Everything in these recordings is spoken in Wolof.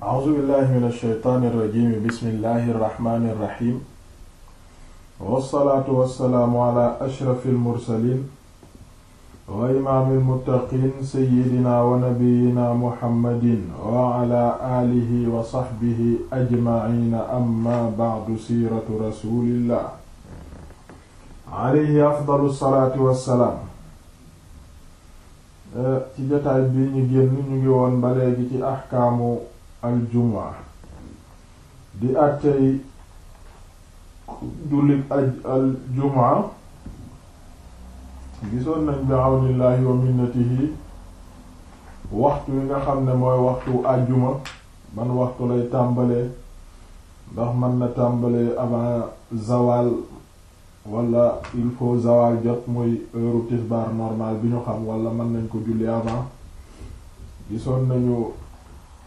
a'uuzu billahi min alsheytaani irrajimi bismillahi irrahmani irrahim wassalaatu wassalaamu ala ashrafi almursalin wa imaami almuttaqin seyidina wa nabiyina muhammadin wa ala aalihi wa saxbihi ajmaciina amma bacdu siiratu rasulillah alayhi afdalu salaati wassalaam eh, ci jotaay bii ñu génn ñu ngi woon ba léegi ci axkaamu aljumaa di àttey jullit aljumaa gisoon nañ bi awnillahi wa minnatihi waxtu yi nga xam ne mooy waxtu àjjuma ban waxtu lay tàmbalee ndax mën na tàmbalee avant zawal wala il faut zawal jot muy heure tisbaar normal bi ñu xam wala mën nañ ko julli avant gisoon nañu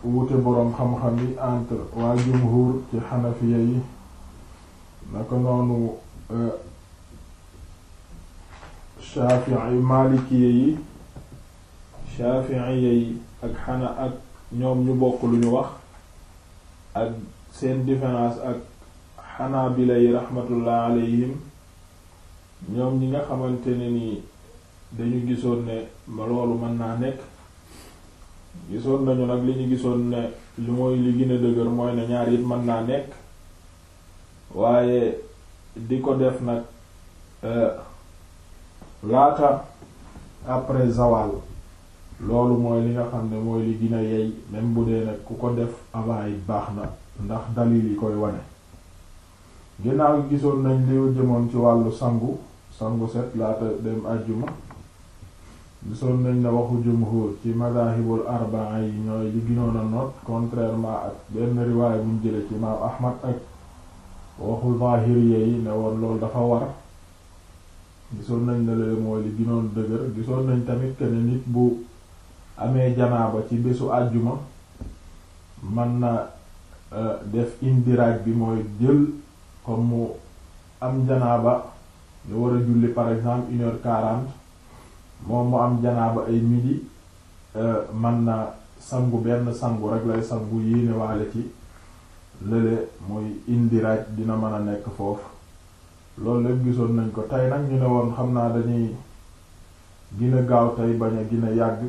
wuute boroom xam-xam yi entre waa jumhur ci xanafiya yi naka noonu euh, shaafi'i malikiya yi shaafi'iya yi ak xana ak ñoom ñu bokk lu ñu wax ak seen différence ak xanaabila yi rahmatullah alayhim ñoom ñi nga xamante ne ni dañu gisoon ne loolu mën naa nekk gisoon nañu nag li ñu gisoon ne li mooy li gën dëgër mooy ne ñaar yit mën naa nekk waaye di ko def nag eh, laata après zawal loolu mooy li nga xam ne mooy li gën a yey bu dee nag ku ko def avant it baax na ndax dalil yi koy wane ginnaaw gisoon nañ li jëmoon ci wàllu sangu sangu set laata dem àjjuma gisoon nañ na waxu jumhur ci madahibul arbaa yi ñooy li ginoon a noot contrairement ak benn riwaay buñ jële ci imaam ahmad ak waxu zahiriya yi ne woon loolu dafa war gisoon nañ ne lale mooy li ginoon dëgër gisoon nañ tamit que ne nit bu amee janaaba ci bésu àjjuma man na euh, def indiraaj bi mooy jël comme mu am janaaba ñu war julli par exemple une heure moom mu am janaaba ay midi euh, man na sangu benn sangu rek lay sangu yéene waale ci lële muy indiraaj dina mën a nekk foofu loolu lépp gisoon nañ ko tey nag ñu ne woon xam naa dañuy gën a gaaw tey bañ a gën yàgg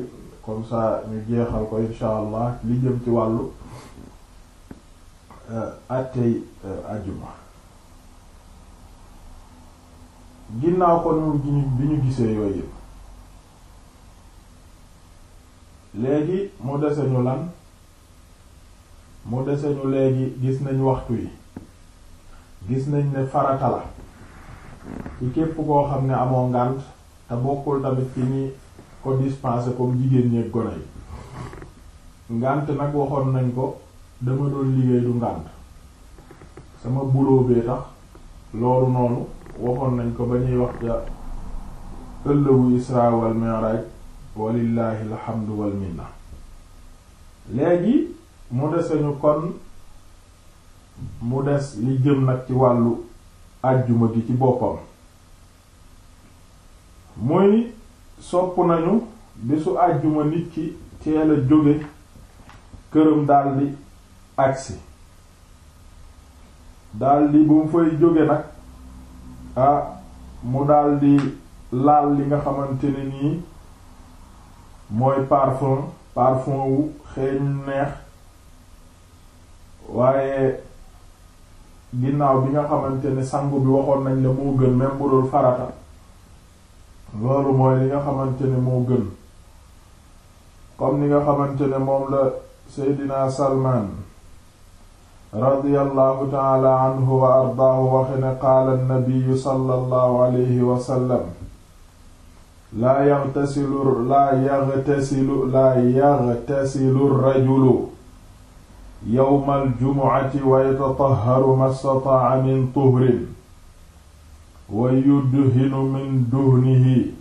comme sa ñu jeexal ko insha allah li jëm ci wàllu àttey euh, euh, ajjuma ginnaaw ko nu bi ñu gisee yooyu léegi mu dese ñu lan mu dese ñu léegi gis nañ waxtu yi gis nañ ne farata la ci képp koo xam ne amoo ngant te bokkul tamit ci ñi ko dispensé comme jigéen ñeeg gone yi ngànt nag waxoon nañ ko dama doon liggéey du ngànt sama boulot bee tax loolu noonu waxoon nañ ko ba ñuy wax ca ëllëgu Isra wal Mi'raj walillahi alhamdu wal minna léegi mu desañu kon mu des li jëm nag ci wàllu àjjuma gi ci boppam muy sopp nañu bésu àjjuma nit ki teel a jóge këram daldi agsi daldi bu mu fay jóge nag ah mu daldi laal li nga xamante ne nii mooy parfum parfum wu xeeñ neex waaye ginnaaw bi nga xamante ne sangu bi waxoon nañ la moo gën même bu dul farata loolu mooy li nga xamante ni moo gën comme ni nga xamante ne moom la Seydina Salman radiyallahu taala anhu wa ardaahu waxe qaala an-nabiyyu sallallahu alayhi laa yaghtasilu laa yaghtasilu laa yaghtasilu rajulu yawmal jumu'ati wa yatatahharu mastata'a min tuhrin wa yudhinu min duhnihi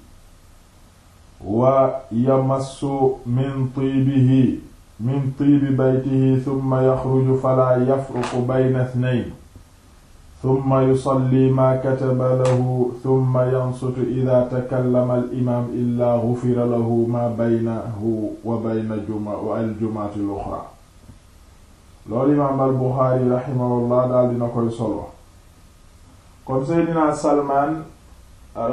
wa yamassu min tiibihi min tiibi baytihi thumma yakhruju falaa yafruqu bayna ithnayn summa yusalli maa kataba lahu summa yansutu idaa takallama alimaam illaa gufira lahu maa baynahu wa bayna juma wa aljumaati luxra loolu imaam al buxaari raximahullah daal dina koy solo kon seydina salmaan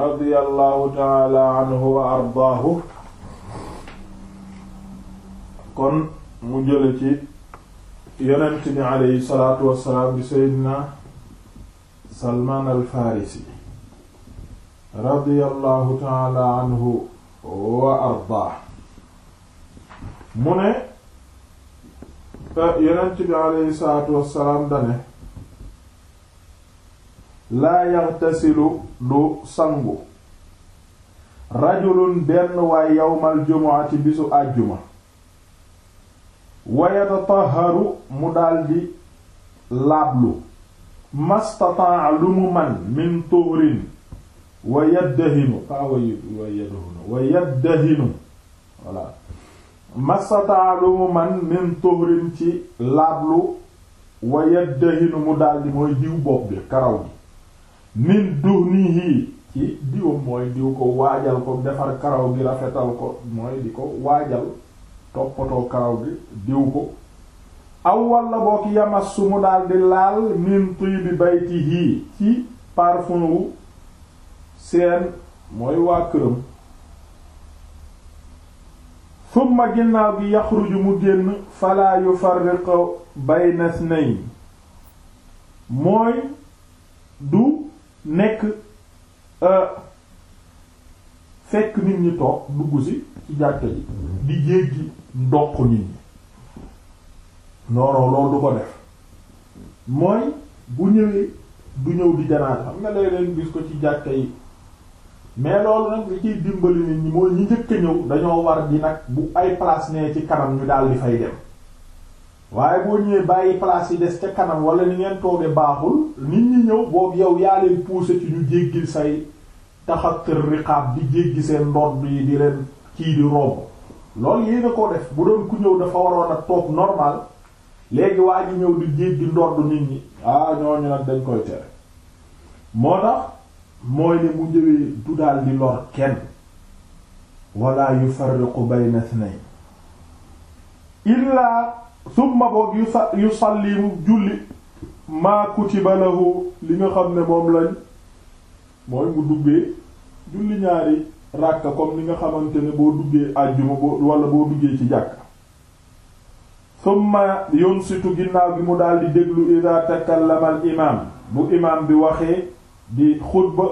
radiyallahu taala anhu wa ardaahu kon mu jële ci yonent bi aleyhi salaatu wassalaam bi seydina salmaan al farisi radiyallahu taala anhu wa ardaa mu ne yonent bi aleyhi salaatu wassalaam dane laa yaxtasilu du sangu rajulun benn waay yawmal jumu'ati bisu àjjuma wa yatataharu mu daldi laablu mastataa lu mu man min turin wa yaddahinu pas wa yaddahinu wa yaddahinu voilà mastataa lu mu man min turin ci laablu wa yaddahinu mu daldi mooy diw bopp bi karaw gi min duhnihi ci diwam mooy diw ko waajal ko defar karaw gi rafetal ko mooy di ko waajal toppatoo karaw gi diw ko aw walla boo ki yamassu mu daal di laal min tibi baytihi ci parfum wu seen mooy waa këram summa ginnaaw gi yaxruju mu génn fala yufarriqu bayna isnayn mooy du nekk euh, fekk nit ñi toog dugg si ci jàkka ji di jéggi ndox nit ñi non non du ko def mooy bu ñëwee du ñëw di janaat xam nga léeg gis ko ci jàkka yi mais loolu nag li ciy dimbali nit ñi mooy ñi njëkk ñëw dañoo war di nag bu ay place nee ci kanam ñu daal di fay dem waaye boo ñëwee bàyyi place yi des ca kanam wala ni ngeen tooge baaxul nit ñi ñëw boobu yow yaa leen pousser ci ñu jéggil say taxattër riqaab di jéggi seen ndodd bi di leen kii di romb loolu yéen a ko def bu doon ku ñëw dafa waroon a toog normal léegi waa ji ñëw di jéeg di ndodd nit ñi ah ñooñu nag dañ koy tere moo tax mooy ne mu ñëwee du daal di lor kenn wala yufarriqu bayna ithnayn illaa summa boog yusalli mu julli maa kutiba li nga xam ne moom lañ mooy mu duggee julli ñaari ràkka comme ni nga xamante ne boo duggee àjjuma boo wala boo duggee ci jàkk summa yunsitu ginnaaw gi mu daal di déglu ida takallama imaam bu imaam bi waxee di xutba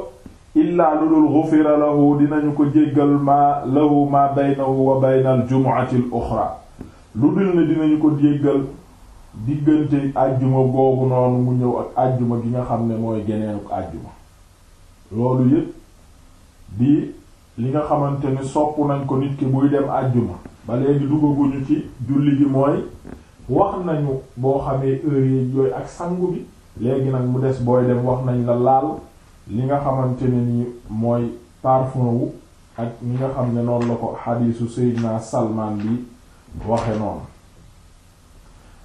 illaa lulul xufira lahu dinañu ko jéggal maa lahu maa baynahu wa bayna al jumuati l oxra lu dul ne dinañu ko jéggal diggante àjjuma boobu noonu mu ñëw ak àjjuma gi nga xam ne mooy geneenuk àjjuma loolu yépp di li nga xamante ni sopp nañ ko nit ki buy dem àjjuma ba léegi duggaguñu ci julli gi mooy wax nañu boo xamee heure yi yooyu ak sangu bi léegi nag mu des booy dem wax nañ la laal li nga xamante ni mooy parfum wu ak ñi nga xam ne noonu la ko xadiisu Seydina Salman bi waxe noonu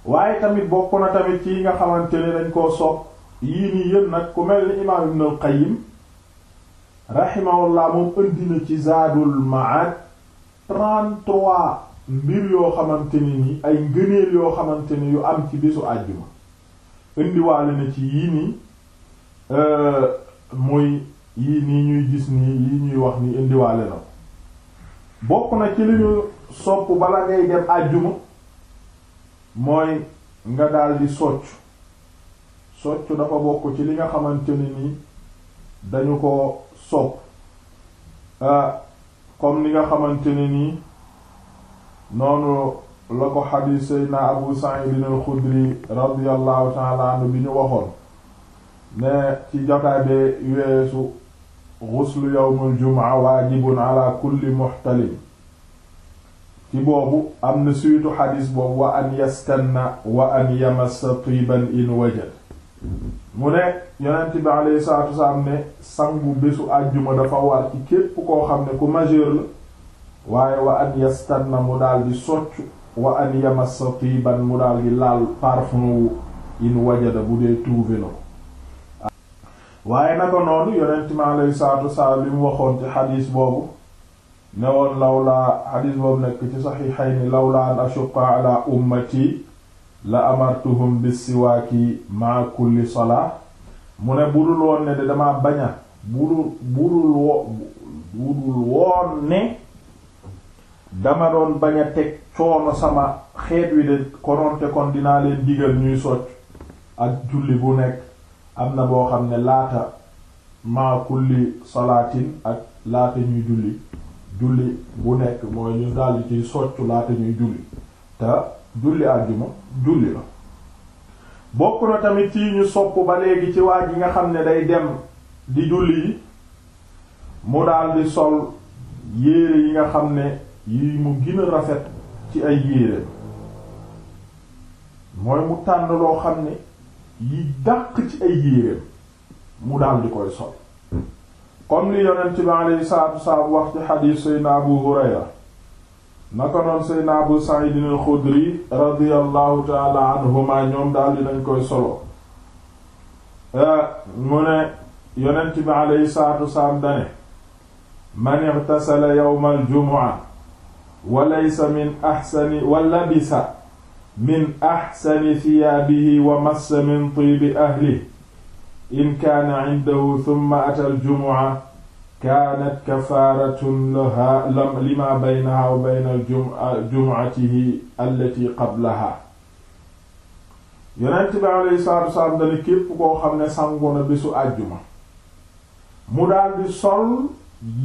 waaye tamit bokk na tamit ci nga xamante ne dañ koo sopp yii nii yëpp nag ku mel ni imaam Ibn al-Qayyim rahimahullah moom indi ci Zaadul Ma'aad 33 mbir yoo xamante ni nii ay ngëneel yoo xamante ni yu am ci bésu àjjuma indiwaale na ci yii nii euh, muy yii nii ñuy gis nii yii ñuy wax nii indiwaale na bokk na ci li ñu sopp bala ngay dem àjjuma mooy nga daldi soccu soccu dafa bokk ci li nga xamante ni nii dañu ko sopp euh, comme ni nga xamante ne nii noonu la ko xadiis Seydina Abu Sa'id al-Xudri radiyallahu ta'ala anhu bi ñu waxoon ne ci jotaay bee weesu ghuslu yawmul jumaa waajibun ala kulli muhtalim ci boobu am na suytu xadiis boobu wa an yastanna wa an yamassa tiiban in wajad mu ne yonent bi alayhi salaatu wasalaam ne sangu bésu àjjuma dafa war ci képp koo xam ne ku majeur la waaye wa an yastanna mu daal di soccu wa an yamassa tiiban mu daal di laal parfum in wajada bu dee trouvé na ko waaye naka noonu yonent bi alayhi salaatu wasalaam li waxoon ci xadiis boobu ne woon lawlaa xadiis boobu nekk ci saxiixayni lawlaa an ashuqqa ala ummati la amartuhum bis siwaaki maa kulli salaa mu ne budul woon ne dama baña budul budul wo budul woon ne dama doon bañ teg coono sama xeet wi de konoonte kon dinaa leen digal ñuy socc ak julli bu nekk am na boo xam ne laata maa kulli salaatin ak laata ñuy julli julli bu nekk mooy ñu daldi ciy soccu laata ñuy julli te julli àjjuma julli la bokk na tamit ci ñu sopp ba léegi ci waa ji nga xam ne day dem di julli yi mu daldi sol yéere yi nga xam ne yi mu gën rafet ci ay yéere mooy mu tànn loo xam ne yi dàq ci ay yéereem mu daldi koy sol comme li yonent bi alayhi salaatu wasalaam wax ci xadiis Seydina Abu Hurayra naka noon seydna abu sa'id al-xudri radiyallahu taala anhuma ñoom daal dinañ koy solo eh, mu ne yonent bi aleyhi salaatu wasalaam dane man ightasala yawma al-jumu'a wa laysa min ahsani wa labisa min ahsani thiyaabihi wa massa min tiibi ahlihi in kaana indahu thumma ata al-jumu'a kaanat kafaaratun laha lima baynaha wa bayna jum'atihi allati qablaha yonent bi alayhi dana képp koo xam ne sangu na bésu àjjuma mu daldi sol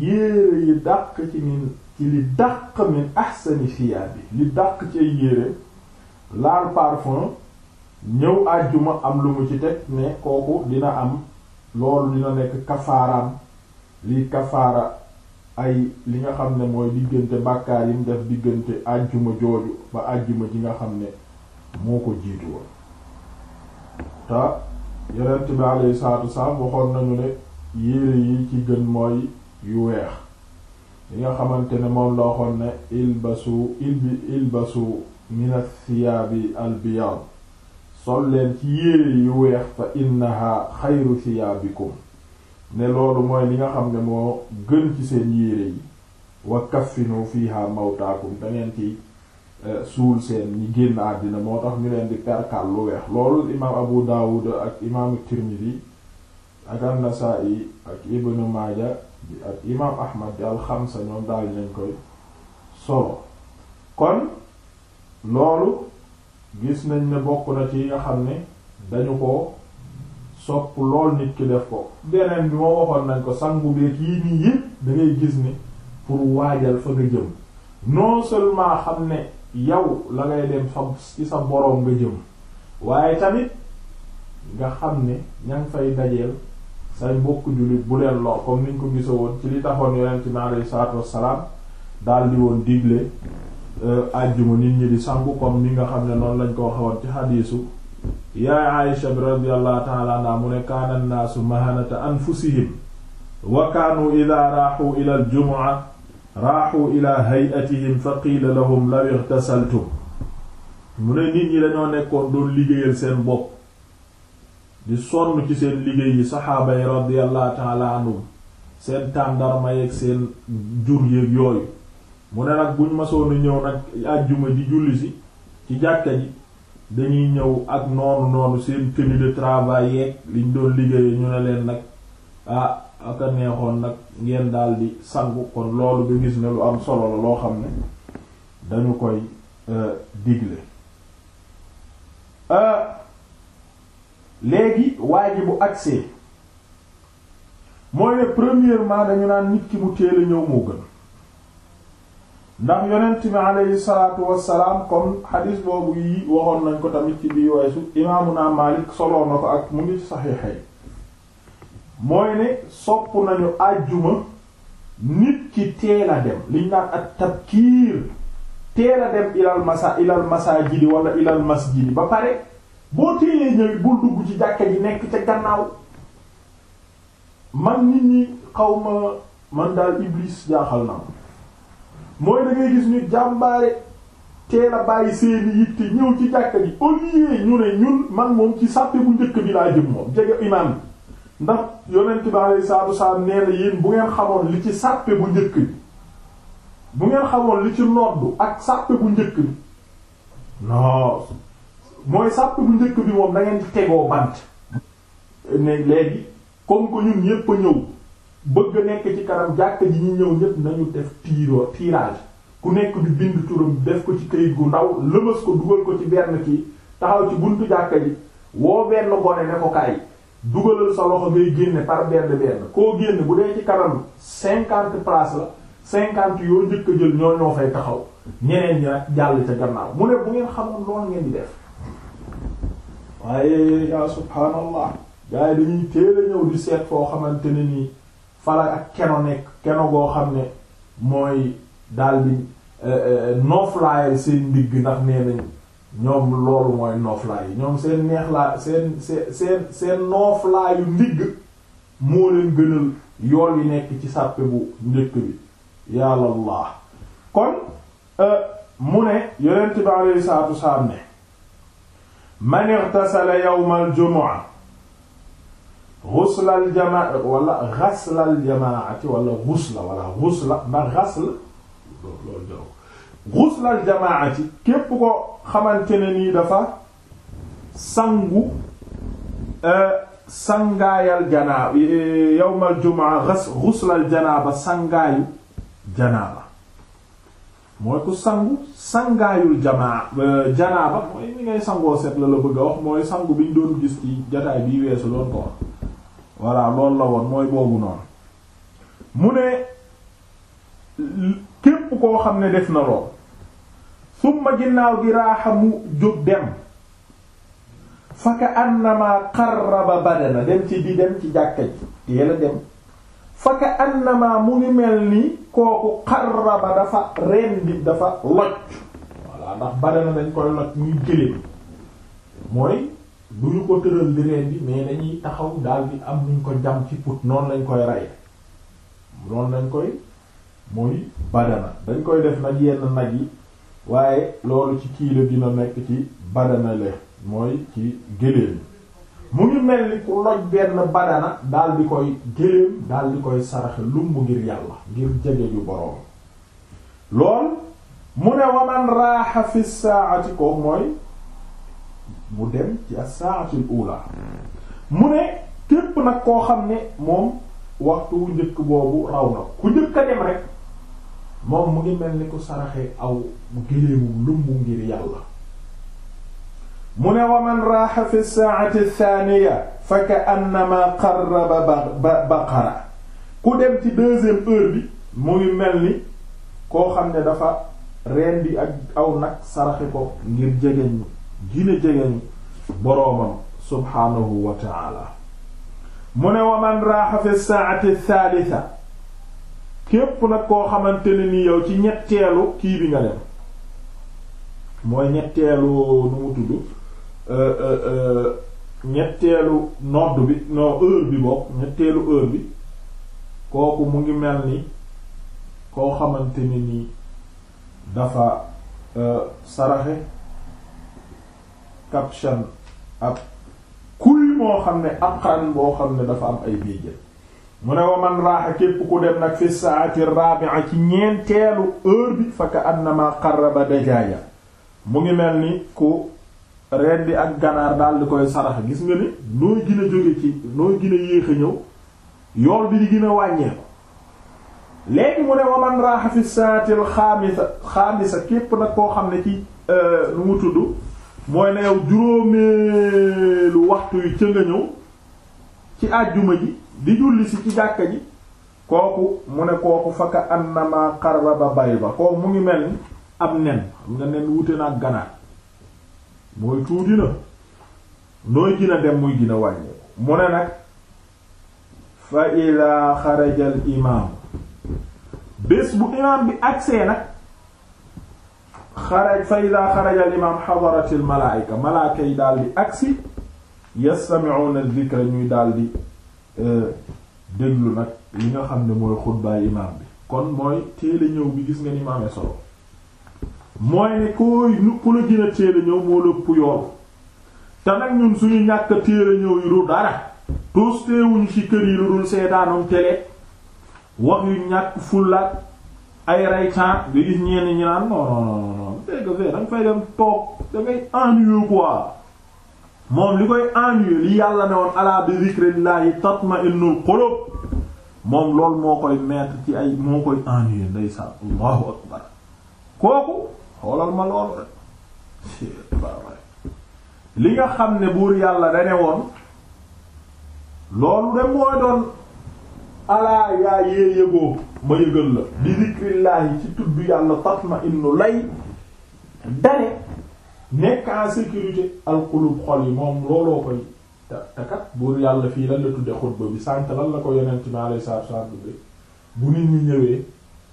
yéere yi dàq ci min ci li dàq min ahsani thiyaabi li dàq ci ay laal parfum ñëw àjjuma am lu mu ci teg ne kooku dina am loolu dina nekk kafaaraam li kafaara ay li nga xam ne mooy diggante bàkkaar yim def diggante àjjuma jooju ba àjjuma ji nga xam ne moo ko jiitu woon te yonent bi alayhi salaatu wasalaam nañu ne yére yi ci gën mooy yu weex li nga xamante ne moom la waxoon ne ilbasu ilbi ilbasu minas siyaabi albiyad sol leen ci yére yu weex fa innaha xayru siyaabikum ne loolu mooy li nga xam ne moo gën ci seen yére yi wa kaffinu fiha mawtaakum da ngeen ci eh, suul seen ñi génn àddina moo tax ñu leen di perkal lu weex loolu imaam Abu Dawud ak imaam Tirmidhi ak an-Nasa'i ak Ibn Maaja ak imaam Ahmad al xamsa ñoom daal nañ koy solo kon loolu gis nañ ne bokk na ci nga xam ne dañu ko sopp lool nit ki def ko beneen bi moo waxoon nañ ko sangu beek yii nii yëpp da gis ni pour waajal fa nga jëm noo seulement xam ne yow la ngay dem fa ci sa boroom nga jëm waaye tamit nga xam ne ña ngi fay dajeel say mbokk jullit bu leen lor comme niñ ko gisa ci li taxoon yonent mi alayhi salaatu wassalaam daal di woon digle euh, àjjuma nit ñi di sangu comme ni nga xam ne noonu lañ ko waxee ci xadiisu yaa Aïsha radiyallahu ta'ala anha mu ne kaana nnaasu mahanata anfusihim wa kaanu idaa raaxuu ila aljumuca raaxuu ila hay'atihim fa qiila lahum law igtasaltum mu ne nit ñi dañoo nekkoon doon liggéeyal seen bopp di sonn ci seen liggéey yi saxaaba yi radiyallahu ta'ala anhum seen tàndarma yeeg seen jur yeeg yooyu mu ne nag buñ masoon a ñëw nag àjjuma di julli si ci jàkka ji dañuy ñëw ak noonu noonu seen tenue de travail liñ doon liggéey ñu ne leen nag ah aka neexoon nag ngeen daal sangu kon loolu nga gis ne lu am solo la loo xam ne dañu koy euh, digle euh, léegi waa ji bu agsee mooy ne premièrement dañu naan nit ki bu teel a ñëw moo gën ndax yonent bi aleyhi salaatu wassalaam comme xadis boobu yi waxoon nañ ko tamit ci bii weesu imaamuna Maalik soloo na ko ak mu ngi saxiixay mooy ne sopp nañu àjjuma nit ki teel a dem liñ naan ak tabkiir teel dem ilal masa ilal masaajidi wala ilal masjidi ba pare boo teelee ñëw bul dugg ci jàkka ji nekk ca gannaaw man nit ñi xaw ma man daal iblis jaaxal na ma mooy da ngay gis ñu jàmbaare teel a bàyyi seeni yitte ñëw ci jàkka ji au lieu ñu ne ñun man moom ci sàppe bu njëkk bi laa jëm moom jege imaam bi ndax yonent bi alayhi salaatu nee na yéen bu ngeen xamoon li ci sàppe bu njëkk bi bu ngeen xamoon li ci noddu ak sàppe bu njëkk bi non mooy sàppe bu njëkk bi moom da ngeen tegoo bant ne léegi comme que ñun ñépp a ñëw bëgg nekk ci kanam jàkk ji ñu ñëw ñëpp nañu def tiiroo tirage ku nekk di bind turam def ko ci këyit gu ndaw lëmas ko dugal ko ci benn kii taxaw ci buntu jàkka ji woo benn gone ne ko kaay dugalal sa loxo ngay génne par benn benn koo génne bu dee ci kanam cinquante place la cinquante yoo njëkk a jël ñoo ñoo fay taxaw ñeneen ñi nag jàll ca gannaaw mu ne bu ngeen xamoon lool ngeen di def waaye yaa subhaanallah gars yi dañuy teel ñëw di seet foo xamante ni nii fala ak keno nekk keno goo xam ne mooy daldi eh, eh, nooflaayal seen ndigg ndax nee nañ ñoom loolu mooy nooflaay yi ñoom seen neexlaa seen seen seen nooflaayu ndigg moo leen gënal yool nekk ci sàppe bu njëkk bi yàlla laa kon eh, mu ne yonent bi alayhi salaatu wasalaam ne man irtasala yawmal jumu'a xuslal jamaa wala xaslal jamaati wala xusla wala xusla ndax xasl loolu jarul xuslal jamaati képp ko xamante ne nii dafa sangu euh, sangaayal janaaba euh, yawmal jumaa xas xuslal janaaba sangaayu janaaba mooy ku sangu sangaayul jamaa euh, janaaba mooy ni ngay sangoo set la la bëgg a wax mooy sangu bi ñu doon gis jataay bi weesu doon ko wax voilà loolu la woon mooy boobu noonu mu ne képp koo xam ne def na lool summa ginnaaw gi raaxa mu jóg dem faka annama qarraba badana dem ci di dem ci jàkka ji teel a dem faka annama mu ngi mel ni kooku qarraba dafa rendi dafa loj voilà ndax badana dañ koy loj muy jëlee mooy du ñu ko tëral di reen bi mais dañuy taxaw daal di am nuñ ko jam ci put noonu lañ koy rey noonu lañ koy mooy badana dañ koy def nag yenn nag yi waaye loolu ci kii la dina nekk ci badana le mooy ci géléem mu ngi mel ni ku loj benn badana daal di koy géléem daal koy saraxe lumb ngir yàlla ngir jege ju boroom lool mu ne waman raaxa fi saa'ati ko mooy mu dem ci as-sa'atul ula mu ne képp nag koo xam ne moom waxtu wu njëkk boobu raw na ku njëkk a dem rek moom mu ngi mel ni ku saraxe aw géléemu lumbu ngir yàlla mu ne wa man raaxa fi as-sa'ati ath-thaniya fa ka'annama qarraba baqara ku dem ci deuxième heure bi mu ngi mel ni koo xam ne dafa bi ak aw nag saraxe ko ngir jegeñ gina jegeñ boroomam subhaanahu wa ta'ala mu ne wa raaxa fi saati thalitha képp nag koo xamante ni yow ci ñetteelu kii bi nga dem mooy ñetteelu nu mu tudd euh, euh, euh, ñetteelu nodd bi non heure bi bokk ñetteelu heure bi kooku mu ngi mel ni koo xamante ni dafa saraxe kabshan ak kuy moo xam ne aqran boo xam ne dafa am ay biijël mu ne wa raaxa képp ku dem nag fi saati rabi'a ci ñeenteelu heure bi fa ka annama qarraba dajaaya mu ngi mel ni ku rendi ak ganaar daal di koy sarax gis nga ni nooy gën jóge ci nooy gën yéex a ñëw yool bi di gën a wàññeeku léegi mu ne wa raaxa fi saati xaamisa xaamisa képp nag koo xam ne ci lu euh, mu tudd mooy ne yow juróomeelu waxtu yu ca nga ñëw ci àjjuma ji di julli ci jàkka ji kooku mu ne kooku fakka annama qarraba bayda kooku mu ngi mel ni ab nen xam nga nen wute na ak ganaar mooy tuuti na nooy gina dem muy gina wàññi mu ne nag fa ila xaraja al bés bu imaam bi agsee nag xaraj fa ida xaraja al imam xadarat yi daal di agsi yastami'una dhikra ñuy daal di euh, nag li nga xam ne mooy xutbaay imam bi kon mooy téele ñëw bi gis nga ni mu solo mooy ne koo nu la gën a téele ñëw moo lëpp yool te nag ñun suñu ñàkk téele ñëw yi du dara toostéewuñu ci kër yi lu dul seetaanum télé wax yu ñàkk fullaat ay raytan bi gis ñeen ñi naan non non dégg fay dem toog da ngay moom li koy ennuyeux li yàlla ne woon ala bi zikrillahi tatma'innul qulub moom loolu moo koy mettre ci ay moo koy ennuyeux ndeysaan allahu akbar kooku xoolal ma loolu rek li nga xam ne buur yàlla dane woon loolu de mooy doon alaa yaa yee yëgoo ma yëgal la bi zikrillahi ci tudd yàlla tatma'innul lay dane nekk en sécurité alqulub xol yi moom looloo koy te buur yàlla fii lan la tudde xutba bi sànk lan la ko yonent mi alayhi salaatu wa salaam tudde bu nit ñi ñëwee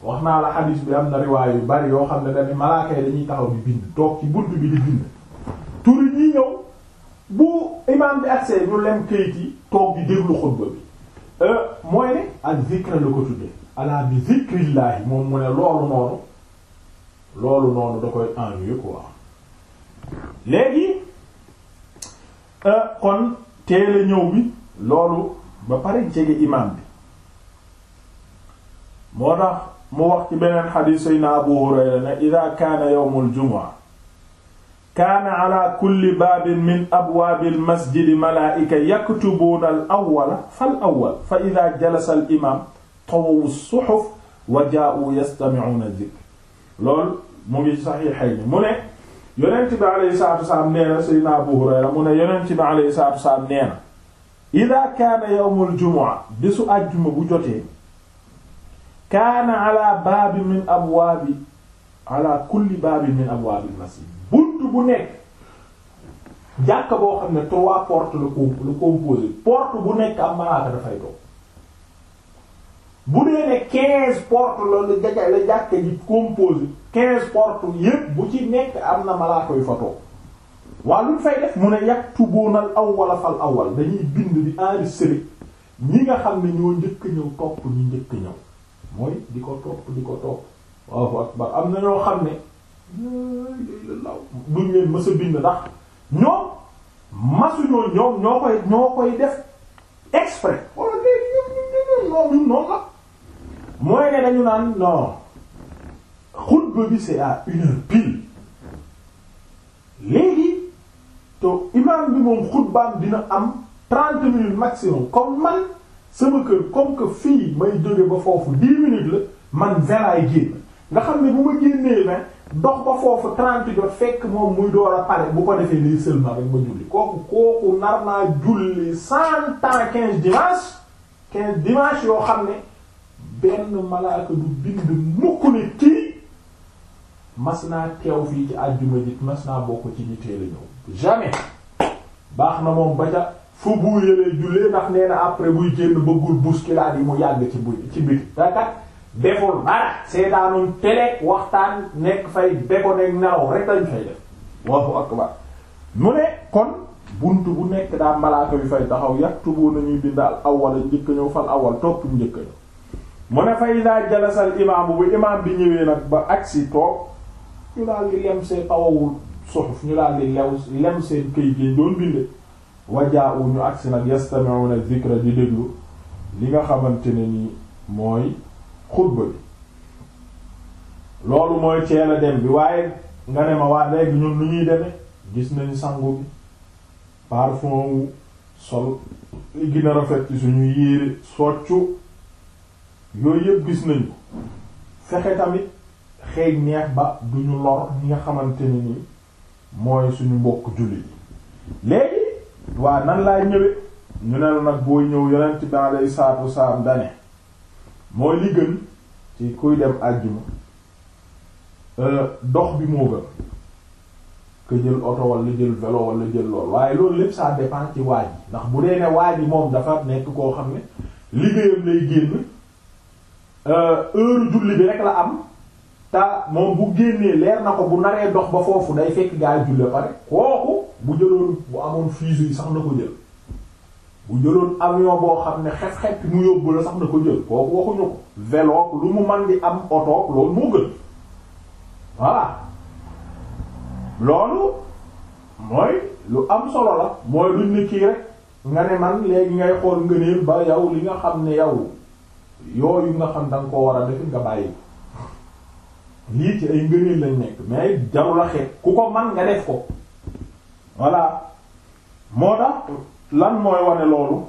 wax naa la xadiis bi am na riwaay yu bari yoo xam ne dañu malaaka yi dañuy taxaw bi bind toog ci bunt bi di bind turi ñi ñëw bu imaam bi agsee ñu lem këyit yi toog di déglu xutba bi euh, mooy ne ak zikra la ko tudde alaa bi zikrillaahi moom mu ne loolu noonu loolu noonu da koy ennuyer quoi léegi euh, kon teel a ñëw bi loolu ba pare jege imaam bi moo tax mu wax ci beneen xadiis sayna Abu Hurayra ne ida kaana yawmul jumaa kaana ala kulli baabin min abwaabil masjidi malaa'ika yaktubuuna al awwala fal awwal fa ida jalasa al imaam tawawu suxuf wa jaa'u yastami'uuna dikr loolu mu ngi saxiixay ni mu ne yonent bi alayhi salaatu wasalaam nee na Seydina Abu Hurayra mu ne yonent bi alayhi salaatu wasalaam nee na ida kaana yawmul jumu'a bésu àjjuma bu jotee kaana ala baabi min abwaabi ala kulli baabi min abwaabil masjid bunt bu nekk jàkka boo xam ne trois portes la ko la composé bu nekk am malaaka dafay toog bu dee ne quinze portes la la jàkka la jàkka ji composé quinze portes yépp bu ci nekk am na malaa koy photo waa lu fay def mu ne yaktubuunal awwala fal awwal dañuy bind di enregistrer ñi nga xam ne ñoo njëkk ñëw topp ñu njëkk ñëw mooy di ko topp di ko topp waaw akbar am na ñoo xam ne duñ leen mës a bind ndax ñoom masuñoo ñoom ñoo koy ñoo koy def exprès wala léegi ñoom ñoom ñoom ñoom ñoom la mooy ne dañu naan non xutba bi c'est à une heure pile léegi te imaam bi moom xutbaam dina am trente minutes maximum comme man sama kër comme que fii may jóge ba foofu dix minutes la man velaay génn nga xam ne bu ma génnee na dox ba foofu trente jot fekk moom muy door a pare bu ko defee lii seulement rek ma julli kooku kooku nar naa julli cent ans quinze dimanche quinze dimanche yoo xam ne benn malaaka du bind mukk ne kii mas naa teew fii ci àjjuma ji mas naa bokk ci ñi teel a jamais baax na moom ba ca fu buur yëlee jullee ndax nee après buy génn bëggul bousculade yi mu yàgg ci bu ci biti dakat deful dara seetaanum waxtaan nekk fay beko nekk naraw rek lañ fay def Allahu akbar mu ne bunt bu nekk daa malaaka bi fay taxaw yaktubu nañuy bind al awwal njëkk ñëw fal awwal topp njëkk ñëw mu ne fa idaa jalasal imaamu bu imaam bi ñëwee nag ba agsi toog ñu daal di lem seen awawul suxuf ñu daal di lew lem seen këy géen doon binde wajaa u ñu agsi nag yastami'una dhikra di déglu li nga xamante ne nii mooy xutba bi loolu mooy teel dem bi waaye nga ne ma waa léegi ñun lu ñuy deme gis nañu sangu bi parfum wu sol li gën rafet ci suñu yére soccu yooyu yëpp gis nañu fexe tamit xeej neex ba duñu lor ñi nga xamante ni nii mooy suñu mbokk jullit yi waa nan laay ñëwe ñu ne nag boo ñëw yonent bi alayhi salaatu wasalaam dane mooy li gën ci kuy dem àjjuma euh, dox bi moo gën que jël oto wala jël vélo wala jël lool waaye loolu lépp ça dépend ci waaj yi ndax bu dee ne waaj yi moom dafa nekk koo xam ne liggéeyam lay génn Euh, heure julli bi rek la am te moom bu génnee leer na ko bu naree dox ba foofu day fekk gaa yi julli pare kooku bu jëloon bu amoon fusil yi sax na ko jël bu jëloon avion boo xam ne xef-xef mu yóbbu la sax na ko jël kooku waxuñu ko lu mu man di am oto loolu moo gën voilà loolu mooy lu am solo la mooy duñ ne kii rek nga ne man léegi ngay xool ngëneel ba yow li nga xam ne yow yooyu nga xam da nga koo war a def nga bàyyi lii ci ay ngëneel lañ nekk mais jarul a xeet ku ko man nga def ko voilà moo tax lan mooy wane loolu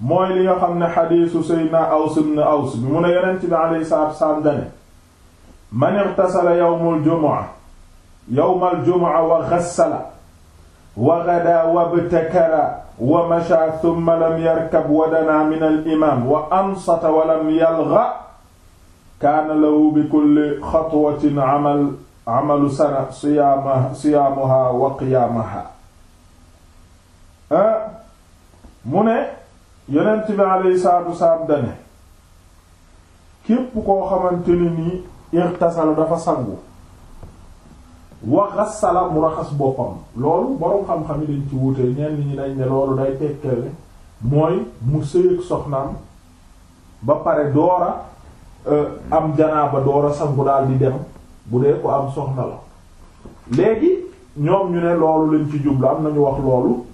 mooy li nga xam ne xadiisu sayyidina Aws ibn Aws bi mu ne yonent bi alayhi salaatu wasalaam dane man ightasala yawmal jumu'a yawmal jumu'a wa ghassala wa ghadaa wabtakara wa mashaa thumma lam yarkab wa danaa min al imaam wa ansata wa lam yalgha kaana lahu bi kulli xatwatin amal amalu sana siyaamuha wa qiyaamaha mu ne yonent bi alayhi salaatu wasalaam dane képp koo xamante ni nii irtasala dafa sangu wa ghassala mu raxas boppam loolu boroom xam-xam yi dañ ci wuute ñenn ñi dañ ne loolu day tekkale mooy mu sëyeek soxnaam ba pare doora euh, am janaaba doora sangu daal di dem bu dee ko am soxna la léegi ñoom ñu ne loolu lañ ci jublu am nañu wax loolu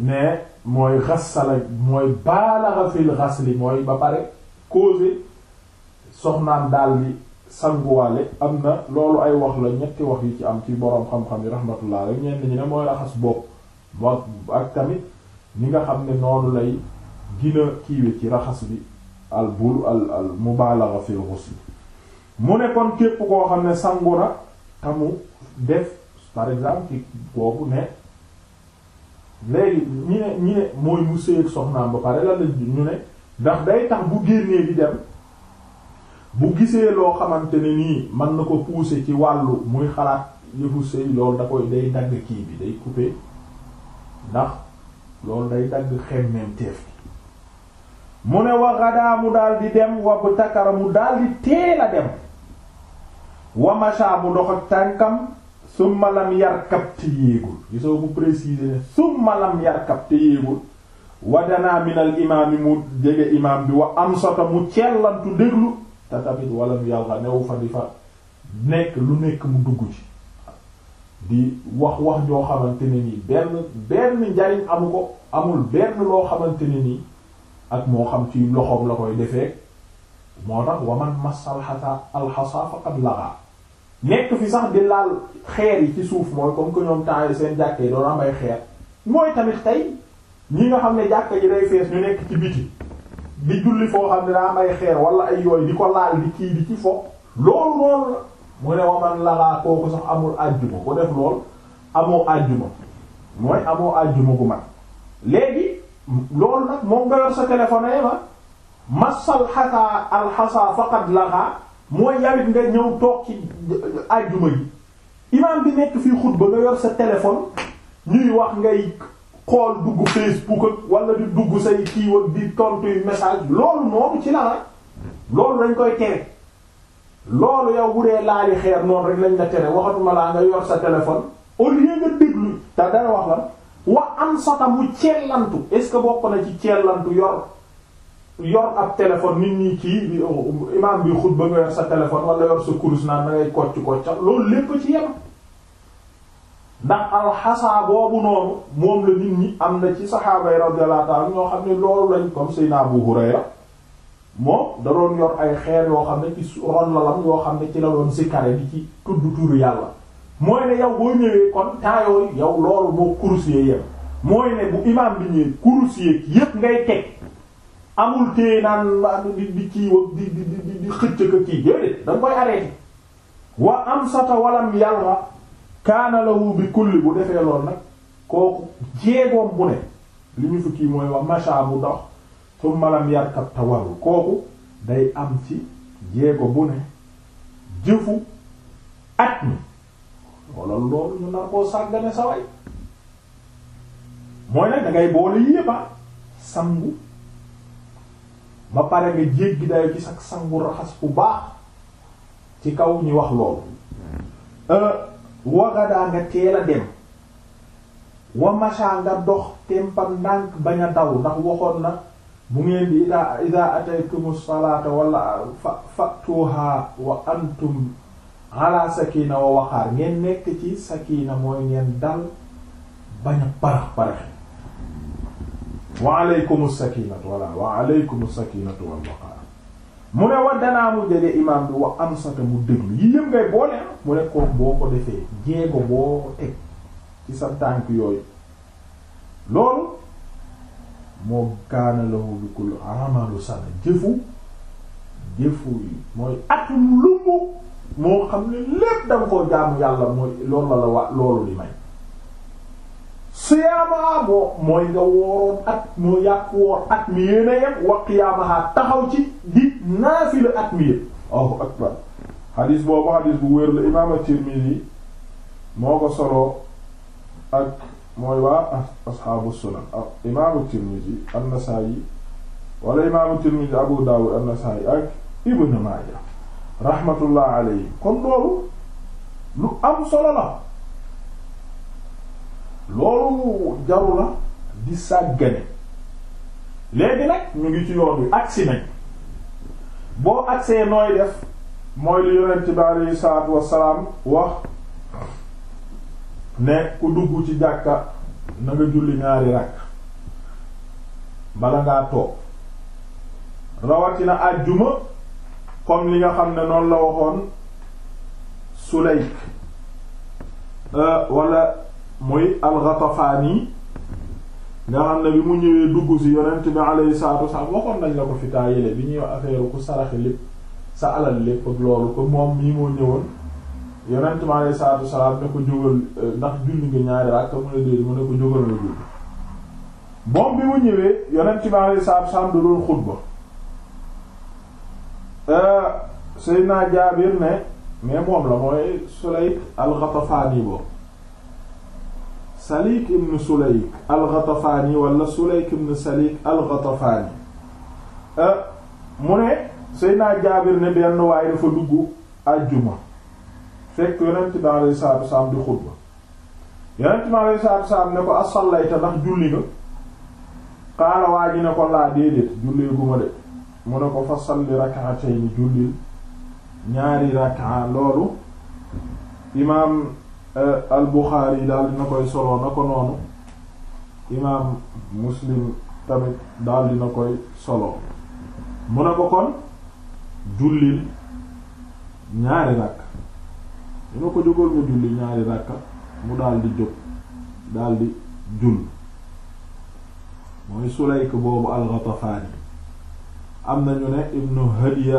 ne mooy ghassala mooy balagha fil ghasli mooy ba pare causer soxnaam daal bi sanguwaale am na loolu ay wax la ñetti wax yi ci am ci boroom xam-xam yi rahmatullah rek ñenn ñi ne mooy raxas bopp moo ak nga xam ne noonu lay gina kiiwe ci raxas bi al bul al al mubalagha fi ghusl mu ne kon képp koo xam ne sangu na tamu def par exemple ci boobu ne léegi ñi ne ñi ne mooy ba pare la lañ ñu ne ndax day tax bu génnee di dem bu gisee loo xamante ne nii man na ko pousser ci wàllu muy xalaat yëfu sëy loolu da koy day dagg kii bi day couper ndax loolu day dagg xemmeenteef bi mu ne wa xadaa mu daal di dem wa bu takara mu daal di teel a dem wa macha mu dox ak tànkam summa lam yarkab te yéegul gisoo bu préciser summa lam yarkab te yéegul wadanaa minal imaam yi mu jege imaam bi wa amsata mu cellantu déglu te tamit wala yàlla newu fa di fa nekk lu nekk mu dugg ci di wax wax joo xamante ne nii benn benn njariñ amu ko amul benn loo xamante ne nii ak moo xam ci loxoom la koy defee moo tax waman mas alxasa alxasa faqad laxaa nekk fi sax di laal xeer yi ci suuf mooy comme que ñoom temps seen jàkkee doon am ay xeer mooy tamit tey ñi nga xam ne jàkka ji day fees ñu nekk ci biti di julli foo xam ne daa am xeer wala ay yooyu di ko laal di kii di ci fo loolu noonu mu ne waman lalaa kooku sax amul àjjuma ko def lool amoo àjjuma mooy amoo àjjuma gu mag léegi loolu nag moom nga yor sa téléphone ay ma masal xasaa alxasaa faqad laxaa mooy yawit nga ñëw toog ci àjjuma ji imaam bi nekk fii xutba nga yor sa téléphone ñuy wax ngay xool dugg Facebook ak wala di dugg say kii ak di tontu yu message loolu noonu ci la ah. loolu dañ koy tere loolu yow bu dee laali xeer noonu rek lañ la tere waxatuma laa nga yor sa téléphone au lieu nga déglu te dara wax la wa am sota mu cellantu est-ce que bokk na ci cellantu yor yor ab téléphone nit ñi kii imam bi xutba nga yor sa téléphone wala yor sa kurus naan da ngay kocc koccal loolu lépp ci yem. ndax alxasaa boobu noonu moom la nit ñi am na ci saxaaba yi radiyallahu ta'ala ñoo xam ne loolu lañ comme Seydina Abu Hurayra moom da yor ay xeer yoo xam ne ci ron lalam yoo xam ne ci la doon sikkare di ci tudd yàlla mooy ne yow boo ñëwee kon temps yooyu yow loolu boo coursier yem mooy ne bu imaam bi ñëwee coursier yépp ngay teg amul téye naan di di kii di di di di xëcc ka kii déedéet da koy arrêté wa am sata yàlla kaana lahu bi kulli bu defee lool nag kooku jeegoom bu ne li ñu fukki mooy wax macha bu dox summa lam yarkab tawarru kooku day am ci jeego bu ne jëfu at mi wala loolu ñu nar koo sàggane sa way mooy nag da boole yéepa sangu ba pare nga jéggi dayo gis ak sangu raxas bu baax ci kaw ñu wax loolu euh, waxadaa nga teel dem wa macha nga dox tempam ndànk bañ daw ndax waxoon na bu ngeen di ida ida ataytumu salaata wala fa fatuha wa antum ala sakina wa waxaar ngeen nekk ci sakiina mooy ngeen dal bañ a parax paraxi wa aleykum sakinatu wala wa aleykum sakinatu wal waqaar mu ne wa danaa mu jege imaam bi wa am sota mu déglu yi yëpp ngay boole mu ne boo ko defee jéego boo ko teg ci sa tànk yooyu loolu moo kaana lahu bi kullu amalu sana jëfu jëfu yi mooy atum lumbu moo xam ne lépp danga koo jaamu yàlla mooy loolu la la loolu li may siyaamaha moo mooy nga wooroon at moo yàq woor at mi yéen a yem wa qiyaamaha taxaw ci di naafila at mi yéen Allahu akbar xadis boobu xadis bu wér la imaam at-Tirmidhi moo ko soloo ak mooy waa asxaabu sunan ah, imaam at-Tirmidhi an-Nasaa'i wala imaam at-Tirmidhi Abu Dawud an-Nasaa'i ak Ibn Maaja rahmatullah alayhi kon loolu lu am solo la loolu jaru la di sàggane léegi nag ñu ngi ci yoon wi agsi nañ boo agsee nooy def mooy li yonent bi aleyhi wassalaam wax ne ku dugg ci jàkka na nga julli ñaari ràkk bala ngaa toog rawatina àjjuma comme li nga xam ne noonu la waxoon Sulayk euh, wala mooy al-Ghatafani nga xam ne bi mu ñëwee dugg ci yonent bi alayhi salaatu wasalaam waxoon nañ la ko fi taa yële bi ñuy wax affaire ku saraxi lépp sa alal lépp ak loolu ko moom mii moo ñëwoon yonent bi alayhi salaatu wasalaam ne ko jógal ndax julli nga ñaari ràkka mu ne déet mu ne ko jógal na julli moom bi mu ñëwee yonent bi alayhi salaatu wasalaam da doon xutba euh, Seydina Jaabir ne mais moom la mooy Sulayt al-Ghatafani Salik ibn Sulayk al-Ghatafani wala Sulayk ibn Salik al-Ghatafani euh, mu ne Seydina Jaabir ne benn waaye dafa dugg àjjuma fekk yonent bi alayhi salaatu wa salaam di xutba yonent bi alayhi salaatu salaam ne ko asallayta ndax julli nga qaala waa ji ne ko laa déedéet julli gu ma de mu ne ko fa salli rak'atayn jullil ñaari rak'a loolu imaam Euh, al Buxaari yi daal dina koy solo na ko noonu imaam Muslim tamit daal dina koy solo mu ne ko kon jullil ñaari rakk dina ko jógal mu julli ñaari rakk mu daal di jóg daal di mooy Sulayk boobu al-Ghatafaani am nañu ne ibnu Hadiya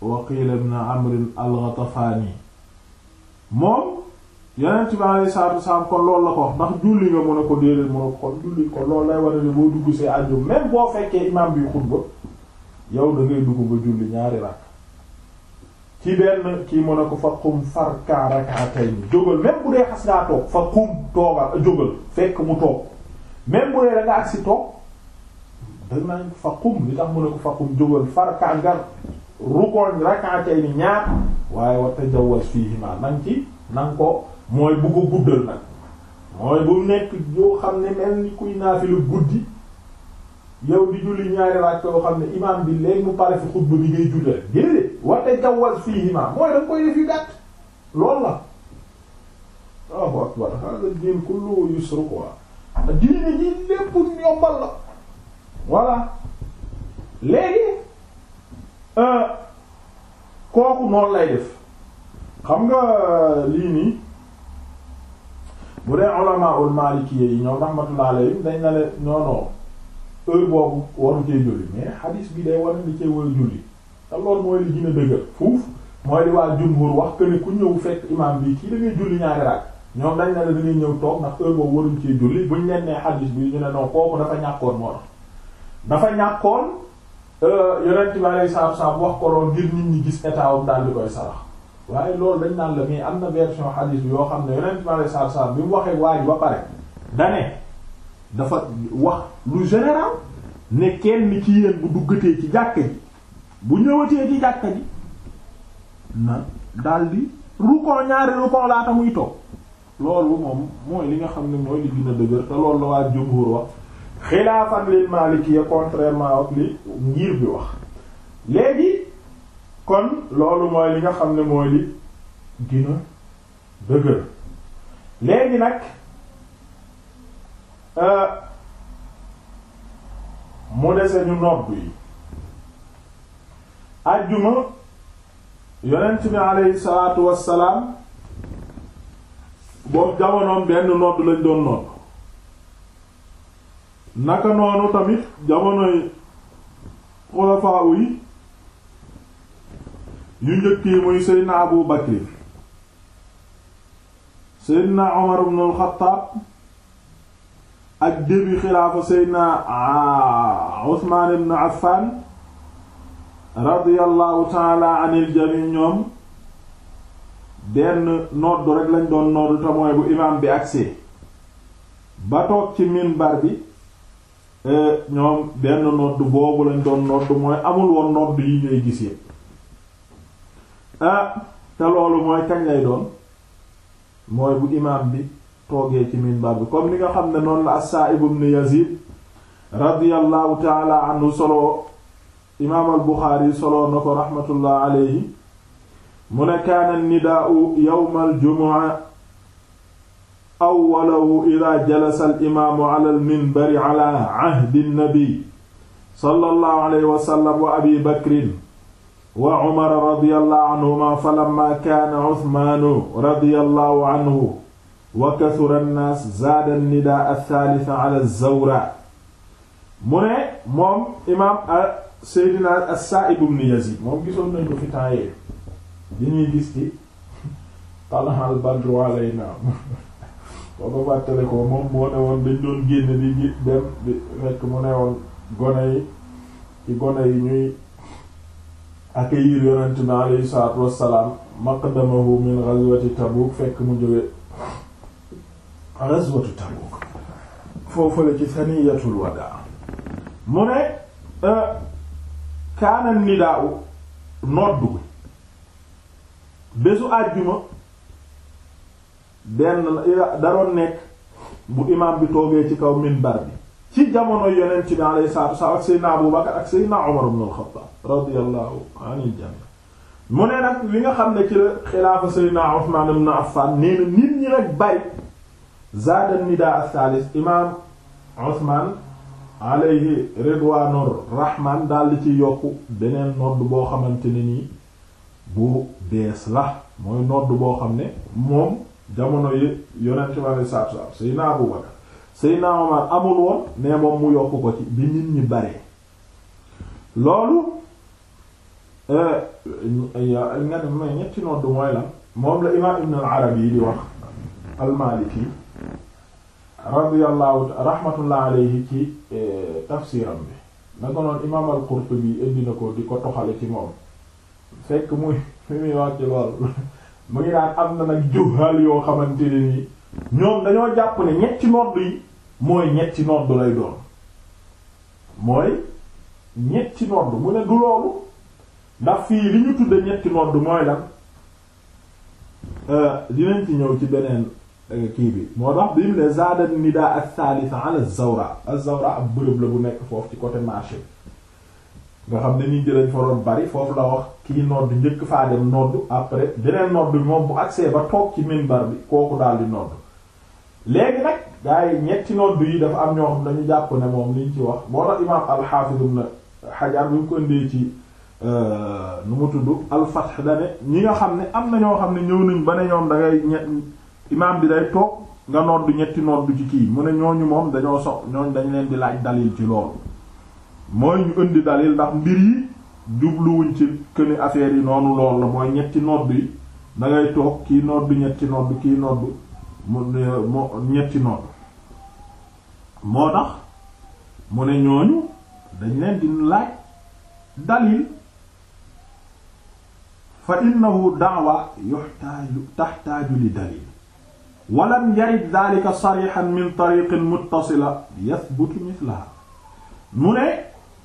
wa ibnu Amr al-Ghatafaani moom yonent bi alayhi salaatu wasalaam kon loolu la ko ndax julli nga mën a ko déedéet mën a ko julli ko loolu lay wane ne boo dugg see àjjum même boo fekkee imaam bi xutba yow da ngay dugg julli ñaari rakk ci benn kii mën a ko fa qum farka rak'atayn jógal même bu dee xas ngaa toog fa qum toogal jógal fekk mu toog même bu dee da nga agsi toog dañ nañ ko fa qum li tax mën a ko fa qum jógal farka ngar rukoon rak'atayn ñaar waaye wa tajawwaz fiihima nañ ci ko mooy bu ko guddal nag mooy bu nekk yoo xam ne mel ni kuy naafilu guddi yow di julli ñaari ràkk yoo xam ne imaam bi léegi mu pare fi xutba bi ngay julli rek déedéet wate jawwaz fii imaam mooy da nga koy def yu gàtt loolu la Allahu akbar hada din kullu yusru quoi ah, diine ji lépp yombal la voilà léegi euh, kooku noonu lay def xam nga euh, lii bu dee ulama ul maalikiyya yi ñoom rahmatullah alayhim dañ na leen non non heure boobu waru cee julli mais hadis bi day war a li cee war a julli te loolu mooy li gën a dëgër fuuf mooy li waa jumhur wax que ne ku ñëw fekk imam bi kii da julli ñaari raak ñoom dañ na la da ñëw toog ndax heure boobu waruñ cee julli buñ leen nee hadis bi ñu ne non kooku dafa ñàkkoon moo tax dafa ñàkkoon euh, yonent bi alayhi salaatu wa salaam wax ko lool ngir nit ñi gis état waaye loolu dañ naan la mais am na version hadith yoo xam ne yonent bi saa saa bi mu waxee waaj ba pare dane dafa wax lu général ne kenn ci yéen bu duggatee ci jàkka ji bu ñëwatee ci jàkka ji na daldi rukkoo ñaari rukkoo laata muy toog loolu moom mooy li nga xam ne mooy li gën a dëgër te loolu la waa jumhur wax xilaafan lil maalikiyya contrairement ak li ngir bi wax léegi kon loolu mooy li nga xam ne mooy li dina dëgër léegi nag euh, mu dese ñu noddu yi ajjuma yonent bi aleyhi salaatu wassalaam boobu jamonoom benn noddu lañ doon noddu naka noonu tamit jamonoy xulafaa yi ñu njëkk yi muy seydna abu bakri seydna omar ibnul xattaab ak début xilaafa seydna ah, usmaan ibnu affan radiyallahu taala anil jami ñoom benn nodd rek lañ doon nodd te bu imaam bi agsee ba toog ci minbar bi eh, ñoom benn nodd boobu lañ doon nodd mooy amul woon nodd yi ñuy gis ah te loolu mooy kañ lay doon mooy bu imaam bi toogee ci minbar bi comme ni nga xam ne noonu la as-Sa'ib ibn Yazid radiyallahu taala anhu solo imaam al-Bukhari solo na ko rahmatullah alayhi mu ne kaana nidaa'u yawma al-jumu'a awwalahu idha jalasa al-imaamu ala al-minbari ala ahdi an-nabi sallallahu alayhi wa sallam wa abi bakrin wa umar radiyallahu anhuma falamma kaana uthmaanu radiyallahu anhu wa kathura an-naas zaada an-nidaa ath-thaalith ala az-zawraa mu ne moom imaam seydina as-Saa'ib ibn Yaziid moom gisoon nañ ko fi temps yee di ñuy gis ci talha al-badru alaynaa boo ko bàttale ko moom moo ne woon dañ doon génn di dem di fekk mu ne woon gone yi ci gone yi ñuy accueillir yonent bi aleyhi salaatu wassalaam maqdamahu min ghazwati Tabuk fekk mu jóge ghazwatu Tabuk foofu la ci saniyatul wadaa mu ne euh, kaana nidaa noddu bésu àjjuma benn daroon nekk bu imaam bi toogee ci kaw minbar bi ci jamono yonent bi alayhi salaatu ak Seydina Abu Bakar ak Seydina Umar ibn al-Khattab radiyallahu mu ne nag li nga xam ne ci la xilaafa Seydina Usman ibn Affan nee nit ñi nag bay zaada nidaa as-salis imaam Usman alayhi ridwanur rahman daldi ci yokk beneen nodd boo xamante ni nii bu bees la mooy nodd boo xam ne moom jamono yi yonent bi alayhi salaatu wasallam Seydina Abu Bakar Seydina Omar amul woon moom mu yokk ko ci bi nit ñi bare loolu euh, nga ne may ñetti nodd moom la imaam Ibn al-Arabi di wax al-Maliki radiyallahu rahmatullah alayhi ci euh, tafsiram bi naka imaam al-Qurtubi indi na ko di ko ci moom fekk muy fi muy wax loolu mu ngi daan am nag juhaal yoo xamante ni ñoom dañoo jàpp ne ñetti nodd yi mooy ñetti nodd lay doon mooy ñetti nodd mu ne du loolu ndax fii li ñu tudde ñetti nodd mooy lan euh, dinañ ci ñëw ci beneen euh, kii bi moo tax bi mu ne zaada nidaa ak thalitha ala zawra az ak ab bërëb la bu nekk foofu ci côté marché nga xam ne ñuy jëlañ fa doon bari foofu la wax kii nodd njëkk faa dem nodd après beneen nodd bi moom bu agsee ba toog ci minbar bi kooku daal di nodd léegi nag gaa ñetti nodd yi dafa am ñoo xam dañu jàpp ne moom liñ ci wax moo tax imaam al-Hafiz ibn Hajar bu ñu ko indee ci euh, nu mu tudd al-Fath da ne ñi nga xam ne am na ñoo xam ne ñëw nañ ba ne ñoom da ngay ñett imaam bi day toog nga nodd ñetti nodd ci kii mu ne ñooñu moom dañoo sox ñooñ dañ leen di laaj dalil ci loolu mooy ñu indi dalil ndax mbir yi jubluwuñ ci këni affaire yi noonu loolu la mooy ñetti nodd yi da ngay toog kii nodd ñetti nodd kii nodd mu ñetti noonu moo tax mu ne ñooñu dañ leen di laaj dalil fa innahu da'wa yuhtaaju tahtaaju li dalil walam yarid daalika sarixan min tariqin muttasila yathbutu mithlaha mu ne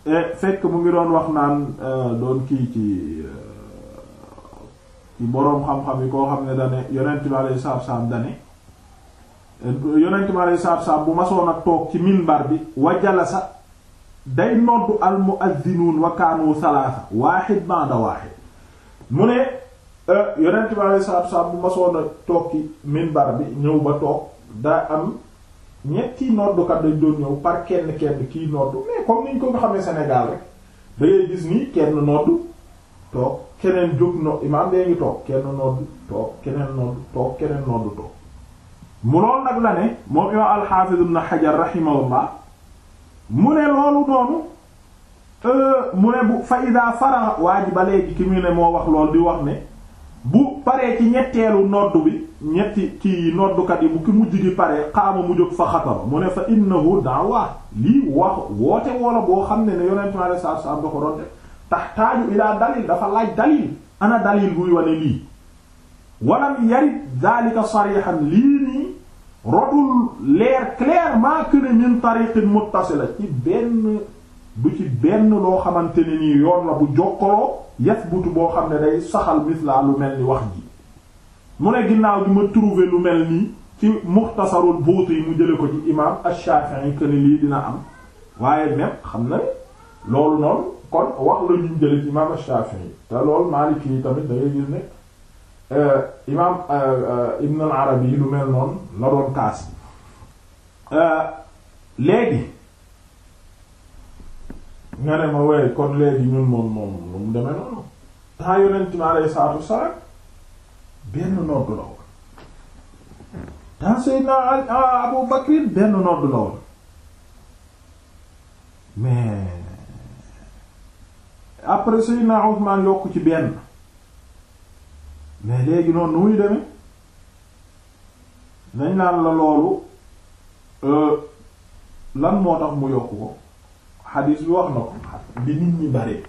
e, fekk mu ngi doon wax naan e, doon kii ci e, ci boroom xam-xam yi koo xam ne dane yonent bi alayhi salaatu wa salaam dane yonent bi aleyhi salaatu bu masoon a toog ci min minbar bi wa jalasa day noddu al mu'addinuun wa kaanu salaasa waaxid ba'da waaxid mu ne euh, yonent bi aleyhi salaatu bu masoon a toog ci minbar bi ñëw ba toog daa am ñetti noddukat dañ doon ñëw par kenn kenn kii noddu mais comme niñ ko nga xamee Sénégal rek da gis nii kenn noddu toog keneen jóg no imaam dee ngi toog kenn noddu toog keneen noddu toog mu loolu nag la ne moom imaam alxaafiz ibn xajar rahimahullah mu ne loolu noonu euh, mu ne bu fa ida fara ba léegi ki mu ne moo wax loolu di wax ne bu pare ci ñetteelu nodd bi ñetti ci noddukat yi bu ki mujj gi paree xaama mu jóg fa xataba mu ne fa innahu da'wa lii wax woote wala boo xam ne ne yonentu Yàlla sallallahu alayhi wasallam da ko doon dafa laaj dalil ana dalil buy wane lii walam yarid daalika sarihan lii rotul leer clairement que ne min tariqin muttasila ci benn du ci benn loo xamante ne nii yoon la bu jokkaloo yathbutu boo xam ne day saxal mislaa lu mel ni wax ji mu ne ginnaaw bi ma trouvé lu mel nii ci muxtasarul buuti yi mu jële ko ci imam ash-Shafi'i que ne lii dina am waaye même xam na loolu noonu kon wax la ñu jële ci imam te loolu Maliki yi tamit da gis ne Euh, imaam euh, euh, Ibn arabi yi lu mel noonu la doon kaas léegi nga ne ma wey kon léegi ñun moom moom lu mu demee noonu temps yonent mi alayhi salaatu wassalaam benn nodd la woon temps Seydina ah, Abu Bakr benn nodd la woon mais après Seydina Usmaan yokk ci benn mais léegi noonu muy demee nañ naan la loolu euh, lan moo tax mu yokk ko xadiis bi wax na ko bi nit ñi bare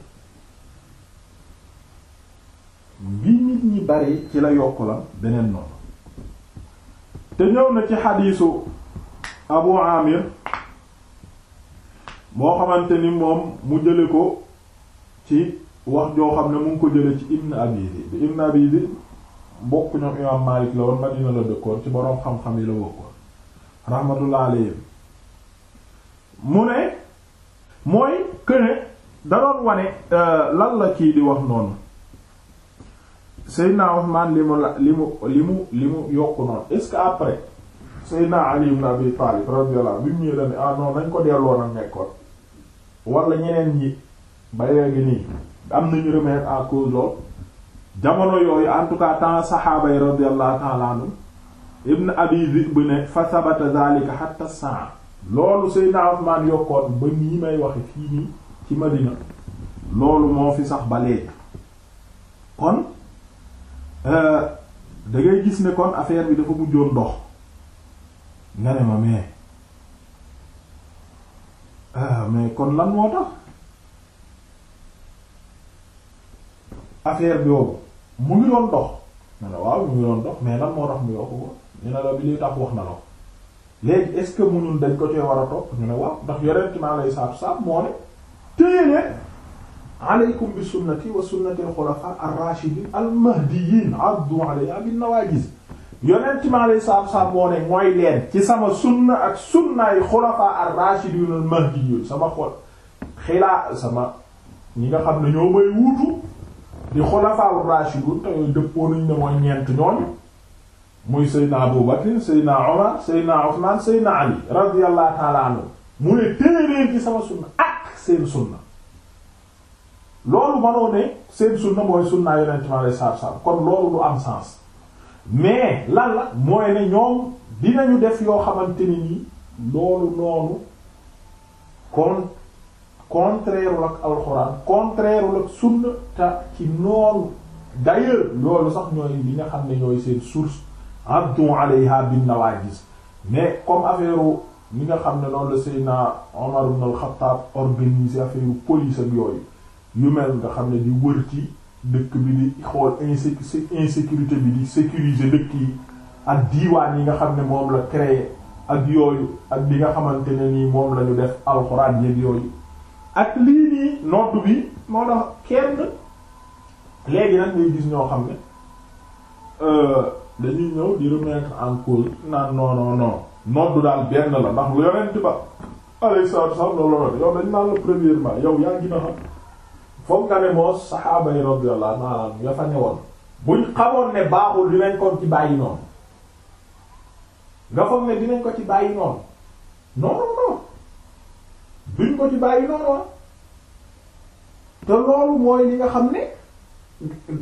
bi nit ñi bare ci la yokk la beneen noonu te ñëw na ci xadiisu Abu Amir moo xamante ni moom mu jële ko ci wax joo xam ne mu ngi ko jëlee ci Ibn Abi Zib Ibn Abi Zib bokk ñoom imam Malik la woon Madina la dëkkoon ci boroom xam-xam yi la bokkoon rahmatullah alayhi mu ne mooy këne da wane euh, lan la kii di wax noonu Seydina Usmaan li mu li mu li mu li mu yokku noonu est-ce que après Seydina Ali ibn Abi Talib bi mu ñëwee la ne ah non ko delloo nag nekkoon wala ñeneen ñi ba léegi nii am nañu remettre en cause lool jamono yooyu en tout cas temps saxaaba yi radiyallahu ta'ala anhu ibn abi dhib ne fa thabata dhalika hatta saa loolu Seydina Usmaan yokkoon ba nii may waxe fii nii ci Madina loolu moo fi sax ba léegi kon euh, da gis ne kon affaire bi dafa mujjoon dox nga ne ma mais euh, mais kon lan moo tax affaire boobu mu ngi doon dox ma waaw mu ngi doon dox mais lan moo tax mu yokk ko ñu ne la tax wax na ko léegi est-ce que mënul dañ ko cee war a topp ñu ne waaw ndax moo ne téye leen aleykum bi sunnati wa sunnati al-khulafa ar-rashidin al-mahdiyyin addu alayha bin nawajiz yonent mi alayhi moo ne mooy leen ci sama sunna ak sunnaay xulafaa ar-raashidiin al-mahdiyyiin sama xol xilaa sama ñi nga xam ne ñoo may wuutu di xulafaa rashidun te yooyu dëppoo nañ ne mooy ñeent ñooñu muy Seydina Abu Bakr Seydina Omar Seydina Othman Seydina Ali radiyallahu ta'ala anhu mu ne téeléen ci sama sunna ak seen sunna loolu manoo ne seen sunna mooy sunnaa yonente mi alei satu kon loolu du am sens mais lan la mooy ne ñoom dinañu def yoo xamante ni nii loolu noonu kon contraire ak alxuraan contraire ak sunna ta ci noonu d'ailleurs loolu sax ñooy li nga xam ne ñooy seen source abdu alayha bin nawajis mais comme affaire mi nga xam ne noonu la Seydina Omar ibn al-Khattab organisé affaire police ak yooyu yu mel nga xam ne di wër ci dëkk bi di xool insécurité bi di sécuriser dëkk yi ak diiwaan yi nga xam ne moom la créé ak yooyu ak bi nga xamante ni nii moom la ñu def alxuraan yëg yooyu ak lii nii nodd bi moo tax kenn léegi nag ngay gis ñoo xam ne euh, dañuy ñëw di remettre en cause naan non non non nodd daal benn la ndax lu yonent ba alayhi salaatu wasallam loolu la yow dañ naan la premièrement yow yaa ngi na xam foog nga ne moo saxaaba yi radiyallahu anhum ya fa newoon buñ xamoon ne baaxul dinañ ko ci bàyyi noonu nga foog ne dinañ ko ci bàyyi noonu non non duñ ko ci bàyyi noonu ah. te loolu mooy li nga xam ne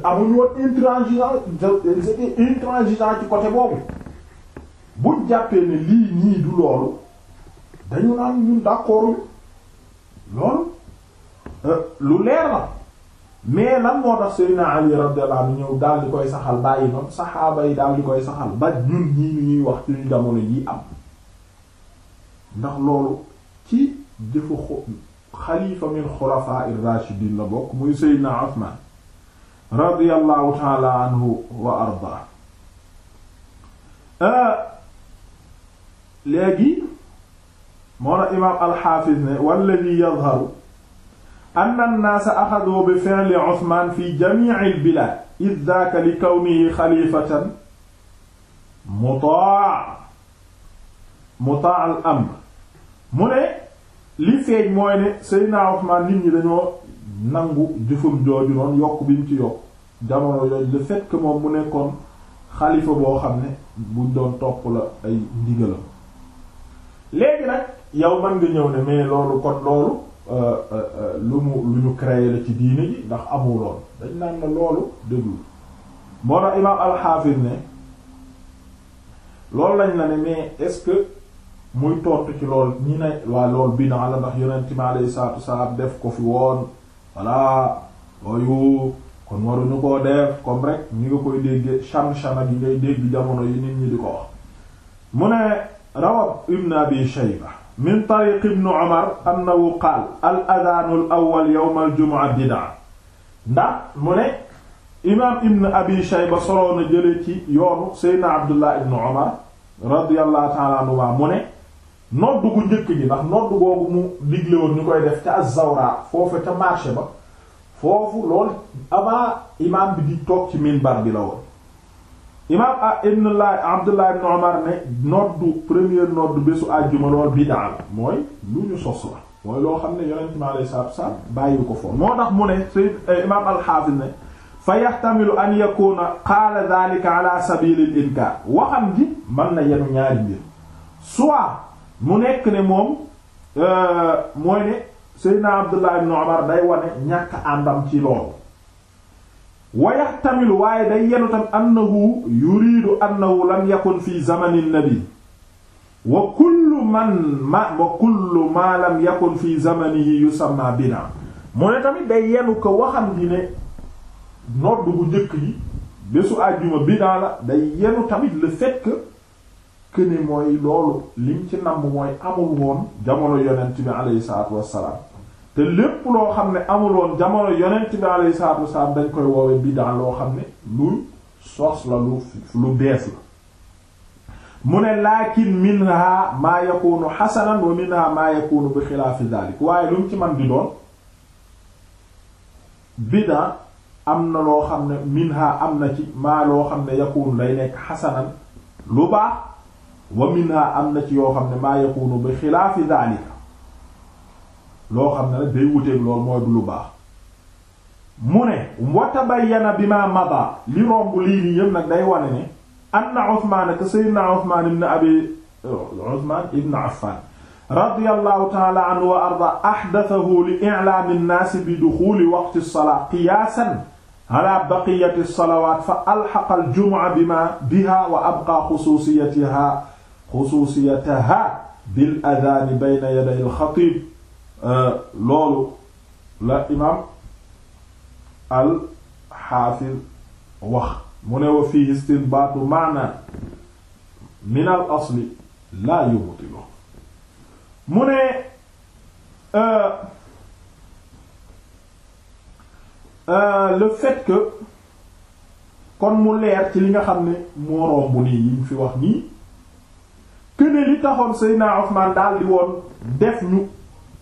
amuñ woon intransigeant ci côté boobu bu jàppee ne lii nii du loolu dañu naan ñun d'accord loolu euh, lu leer la mais lan moo tax Seydina Ali radiyallahu anhu ñëw daal di koy saxal bàyyi noonu saxaaba yi daal di koy saxal ba ñun ñii ñuy wax ci ñu jamono yi am ndax loolu jëfu xalifa min xulafaa ir-raashidin la bokk muy Seydina Usmaan radiyallahu taala anhu wa ardaa ah, léegi moo na imaam alxaafiz ne walladi yadharu anna annaasa axaduu bi fi'li Usmaan fi jamii'i al-bilaad iz daaka li kawnihi xalifatan mutaa mutaa al-amr mu ne lii feeñ mooy ne Seydina Ousmane nit ñi dañoo nangu jëfam jooju noonu yokk bi mu ci yokk jamono yooyu le fait que moom mu nekkoon xalifa boo xam ne buñ doon topp la ay ndigalam léegi nag yow mën nga ñëw ne mais loolu kon loolu euh, euh, euh, lu ñu créé la ci diine ji ndax amul lool dañ naan na loolu déglu moo tax imaam al ne loolu lañ la ne mais est muy tontu ci lool ñi ne waa lool bida la ndax yonent mi alayhi salaatu salaam def ko fi woon voilà yooyu kon waruñu koo def comme rek ñi nga koy dégge sham-shama ngay dégg jamono yi nit ñi di ko wax mu ne rawa ibn abi shayba min tariq ibn umar annahu qaal al adhaanu al awwal yawm al jumu'a bid'a ndax mu ne imaam ibn abi shayba soloon na jële ci yoonu seydna abdullah ibn umar radiyallahu ta'ala anhu mu ne noddu gu njëkk ji ndax noddu googu mu digle ñu koy def ca azawra foofu ca marché ba foofu lool avant imaam bi di toog ci minbar bi la woon imaam ah, ibnullah abdullah ibn omar ne noddu premier noddu bésu àjjuma lool bidaa la mooy lu ñu sos la mooy loo xam ne yonent mi alayhi salaatu wasalaam bàyyi ko foon moo tax mu ne sayyid eh, imaam alxaafis ne fa yaxtamilu an yakuna qaala dhalika ala sabil al waxam ji mën na yenu ñaari mbir soit mu nekk ne moom euh, mooy ne Seydina Abdullah ibn Umar day wane ñàkk àndam ci loolu wayaxtamilu waaye day yenu tam annahu yuriidu annahu lam yakun fi zamani nabi wa kullu man ma wa kullu ma lam yakun fi zamanihi yusamma bida mu ne tamit day yenu ko waxam gi ne nodd bu njëkk yi bésu àjjuma bida la day yenu tamit le fait këne mooy loolu liñ ci namm mooy amul woon jamono yonent bi alayhi salaatu wassalaam te lépp loo xam ne amul jamono yonent bi alayhi salaatu wassalaam dañ koy woowe bid'a loo xam ne luy sos la lu lu bees la mu ne laakin minha maa yakunu xasanan wa minha maa yakunu bi xilaafi dalik waaye lu ci man di doon bida am na loo xam ne minha am na ci maa loo xam ne yakunu day nekk xasanan lu baax wa minha am na ci yoo xam ne maa yakunu bi xilaafi daalika loo xam ne nag day wuteeg loolu mooy du lu baax mu ne wa tabayyana bi ma mada li romb lii nii yëpp nag day wane ne anna Usmaan ka sayyidina Usmaan ibn abi Usmaan ibn Affaan radiyallahu ta'ala anhu wa arda ahdathahu li i'laami an-naas bi duxuuli waqti as-salaa qiyaasan ala baqiyati as-salawaat fa alhaqa al-jumu'a bima biha wa abqa xusuusiyatiha xusuusiyataha bil adani bayna yaday al xatib euh, loolu la imam al xaafid wax mu wa fii istinbaatu maana min al asli laa yubtilu mu euh, euh, le fait que kon mu leer ci li nga xam ne moo romb nii yi ñu fi wax nii ne li taxoon Seydina Ousmane daal di woon def ñu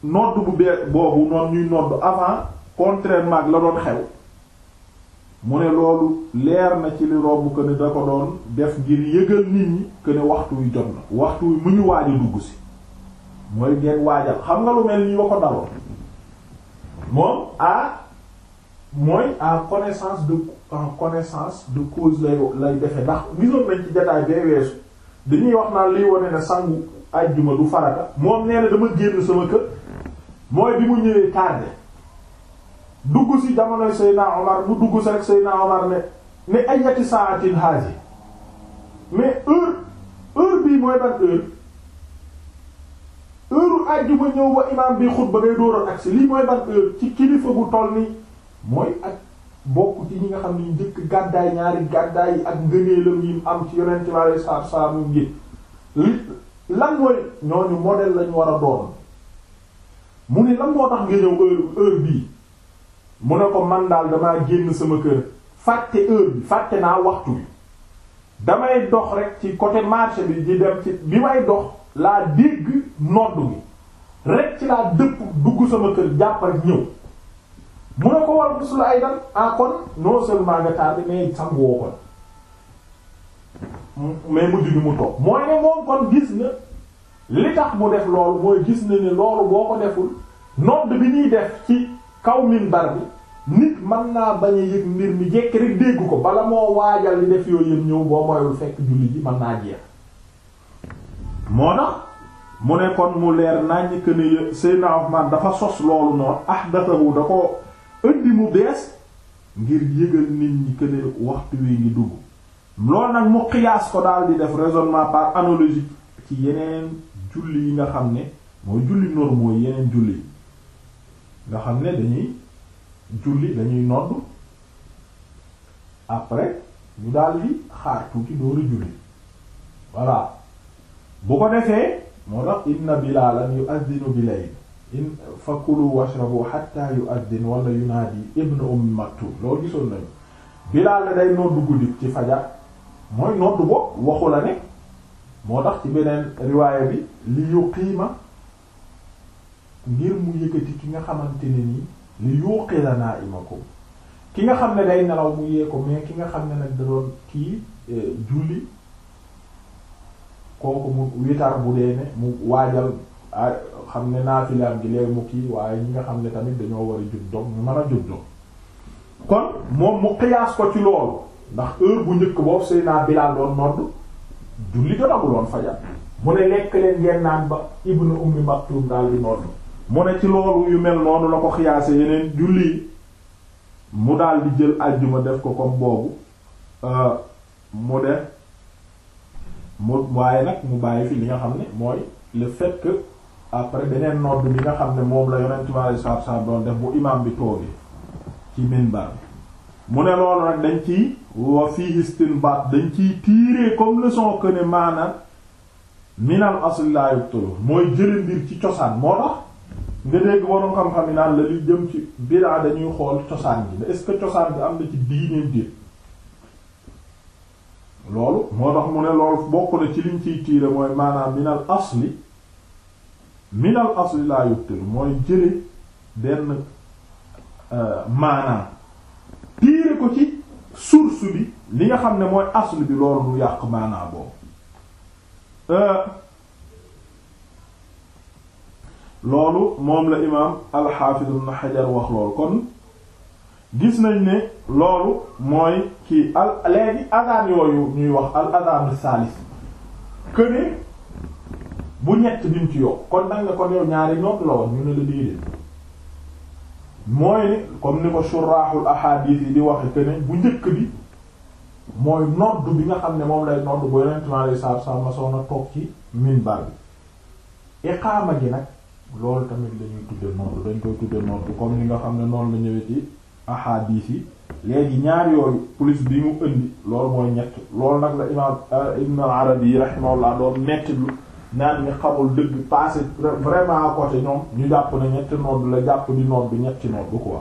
nodd bu bee boobu noonu ñuy nodd avant contrairement ak la doon xew mu ne loolu leer na ci li romb que ne da ko doon def ngir yëgal nit ñi que waxtu wi jot na waxtu wi mu ñu waaj dugg si mooy ngeen waajal xam nga lu mel ni wa ko daloon moom a mooy à connaissance de en connaissance de cause lay defe ndax gisoon nañ ci jotaay bee weesu. dañuy wax naan liy wane ne sangu ajjuma du farata moom nee na dama génn sama kër mooy bi mu ñëwee tardé dugg si jamonoy Seydina Omar mu dugg si rek Seydina Omar ne ne ayati saatin haaji mais heure heure bii mooy ban heure heure ajjuma ñëw ba imaam bi xutba ngay dóoral agsi lii mooy ban heure ci kilifa gu toll ni mooy ak bokk ci ñi nga xam ne njëkk gàddaay ñaari gàddaay yi ak ngëneelam yi am ci yonent bi alei salatu salaam ngi li lan mooy ñooñu modèle lañu war a doon mu ni lan moo tax nga ñëw heure heure bii mu ne ko man daal damaa génn sama kër fàtte heure bi fàtte naa waxtu bi damay dox rek ci côté marché bi di dem ci bi may dox laa dégg nodd gi rek ci laa dëpp dugg sama kër jàpp ak ñëw mu ne ko war gis la ay dal ah kon non seulement nga tardé mais sangoo ko mais mujj gi mu toog mooy ne moom kon gis na li tax mu def loolu mooy gis ni ne loolu boo ko deful nodd bi ñuy def ci kaw minbar bi nit mën naa bañ a yëg mbir mi jekk rek dégg ko bala moo waajal li def yooyu yëpp ñëw boo moyul fekk julli ji mën naa jeex moo tax mu ne kon mu leer naññ que ne Seydina Ousmane dafa sos loolu noonu ahdathahu da ko indi mu bees ngir yëgal nit ñi que waxtu wi ngi dugg loolu nag mu xiyaas ko daal di def raisonnement par analogie ci yeneen julli yi nga xam ne mooy julli normaux yi yeneen julli nga xam ne dañuy julli dañuy nodd après ñu daal di xaar tuuti dooru julli voilà bu ko defee moo tax inna bilalan yu'adhdhinu bilayl in fa kulu washrabu hatta yu'addin wala yunaadi ibn umm maktum loolu gisoon nañu bilaal la day noddu guddi ci fajar mooy noddu bopp waxu la ne moo tax ci beneen riwaaya bi li yuqiima ngir mu yëkkati ki nga xamante ne nii li yuqila na'imakum ki nga xam ne day nelaw mu yee ko mais ki nga xam ne nag da doon kii eh, julli kooku mu witar bu dee ne mu waajal ah, xam ne naafilaam gi léegi mu kii waaye ñi nga xam ne tamit dañoo war a jub dog ñu mën a jub dog kon moom mu xiyaas ko ci loolu ndax heure bu njëkk boobu sëy naa Bilaal doon nodd julli jotaguloon fajar mu ne lekk leen ngeen naan ba ibnu ummi Maktum daal di nodd mu ne ci loolu yu mel noonu la ko xiyaase yeneen julli mu daal di jël àjjuma def ko comme boobu euh, mu def mu waaye nag mu bàyyi fi li nga xam ne mooy le fait après beneen nodd bi nga xam ne moom la yonent bi alei satu salaam doon def bu imam bi toogee ci minbar bi mu ne loolu nag dañ ciy wa fii istinbat dañ ciy tirer comme leçon que ne maanaam minal asl la yubtalu mooy jële mbir ci cosaan moo tax nga dégg waroon xam-xam yi naan la li jëm ci bidaa dañuy xool cosaan bi est-ce que cosaan bi am na ci diineem déet loolu moo tax mu ne loolu bokk na ci liñ ciy tirer mooy maanaam minal asli minal asli laa yuttal mooy jële benn euh, maanaam tiire ko ci source bi li nga xam ne mooy aslu bi loolu du yàq maanaa boobu euh, loolu moom la imaam alxaafiz ibn Hajar wax loolu kon gis nañ ne loolu mooy kii al léegi yooyu ñuy wax al adaanu saalis que bu ñett bi mu ci yokk kon nag nga kon yow ñaari noot la woon ñu ne la déedéet mooy ni ko suraaxul ahadis yi di wax que bu njëkk bi mooy nodd bi nga xam ne moom lay nodd bu yeneen temps lay saab saab ma soxna toog ci minbar bi iqaama gi nag loolu tamit lañuy tudd nodd dañ koy tudde nodd comme li nga xam ne noonu la ñëwee ci ahadis yi léegi ñaar yooyu plus bi mu indi loolu mooy ñett loolu nag la imaam euh, ibn al arabi rahimahullah doon metti naan ñi xamul dëgg passé vraiment à côté ñoom ñu jàpp ne ñetti nodd la jàpp di nodd bi ñetti ko quoi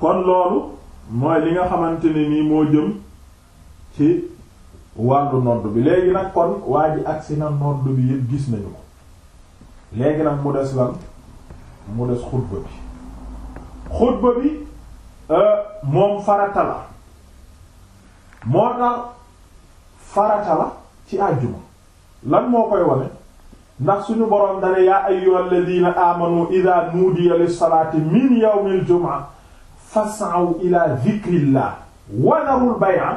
kon loolu mooy li nga xamante ne nii moo jëm ci wàllu nodd bi léegi nag kon waa ji agsi na nodd bi yëpp gis nañu ko léegi nag mu des lan mu des xutba bi xutba bi euh, moom farata la moo tax farata la ci àjjuma lan moo koy wone ndax suñu boroom dane yaa ayyuhal ladina amanu idha nudiya lis-salati min yawmil jumu'a fas'aw ila dhikrillah wa dharul bay'a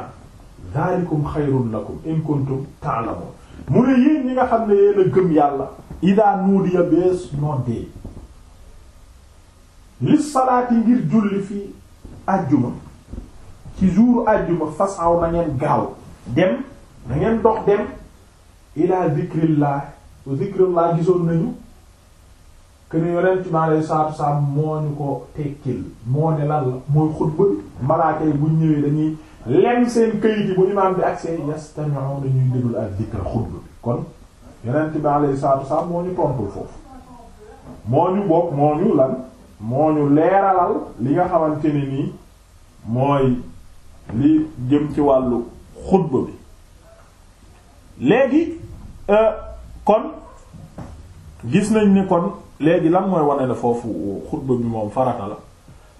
dhalikum khayrun in kuntum ta'lamun mu ne yéen ñi nga xam ne yéen a gëm yàlla idha nudiya bees noddee lis-salati ngir julli fii àjjuma ci jour àjjuma fas'aw na gaaw dem na ngeen dem ila zikrillah zikrillah gisoon nañu kene yonent bi alayhi salaatu wasalaam moo ñu ko tekkil moo ne lan la mooy xutba bi malaaka yi buñ ñëwee dañuy lem seen këyit yi bu imaam bi agsee yastami'una dañuy déglu ak zikr xutba bi kon yonent bi alayhi salaatu wasalaam moo ñu tontul foofu moo ñu bokk moo ñu lan moo ñu leeralal li nga xamante ne nii mooy li jëm ci wàllu xutba bi léegi Euh, kon gis nañ ni kon léegi lan mooy wane la foofu xutba bi moom farata la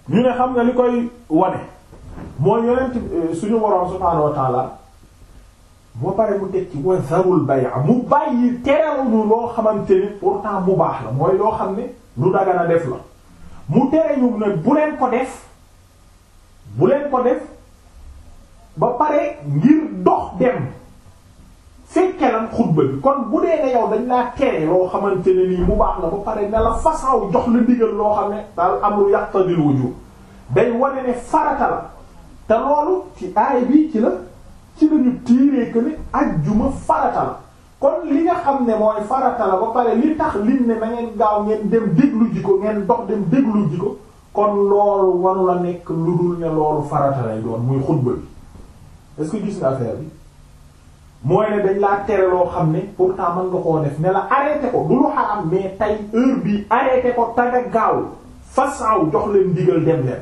ñu ne xam nga li koy wane mooy yonent euh, suñu woroom subhaanahu wa ta'ala moo pare mu teg ci wa zarul bay'a mu bàyyi terewuñu loo xamante ni pourtant mu baax la mooy loo xam ne lu dagana def la mu tere ñu ne bu leen ko def bu leen ko def ba pare ngir dox dem fekkelan xutba bi kon bu dee ne yow dañ laa tere loo xamante ne nii mu baax na ba pare ne la fasaw jox la digal loo xam ne daal amru yaqtadil wujub day wane ne farata ci aay bi ci la ci lañu tiiree que ne kon li nga xam ne mooy farata ba pare li tax lim ne ngeen gaaw ngeen ko ngeen dox dem déglu ji ko kon loolu waru la nekk lu dul ne loolu farata lay doon muy xutba bi est que gis nga affaire bi mooy ne dañ laa tere loo xam ne pourtant mën nga koo def ne la arrêté ko du lu xaram mais tey heure bi arrêté ko taga gaaw fasaw jox leen digal dem leen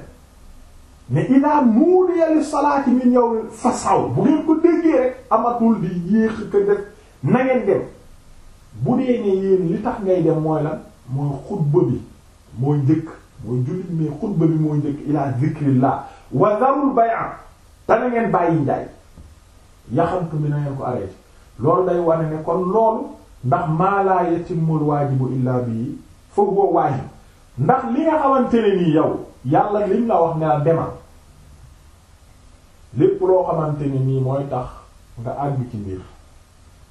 mais ilaa nuudiya li salaati min yow fasaw bu ngeen ko déggee rek amatul di yéex ka def na ngeen dem bu dee ne yéen li tax ngay dem mooy lan mooy xutba bi mooy njëkk mooy jullit mais xutba bi mooy njëkk ilaa zikrillah wa zarul bay'a ngeen bàyyi njaay yaxantu bi na ngeen ko arrêté loolu lay wane ne kon loolu ndax maa ci yatimmul waajibu illaa bii foofu boo waajib ndax li nga xamante ne nii yow yàlla liñ la wax ne la demal lépp loo xamante ni nii mooy tax nga àgg ci mbir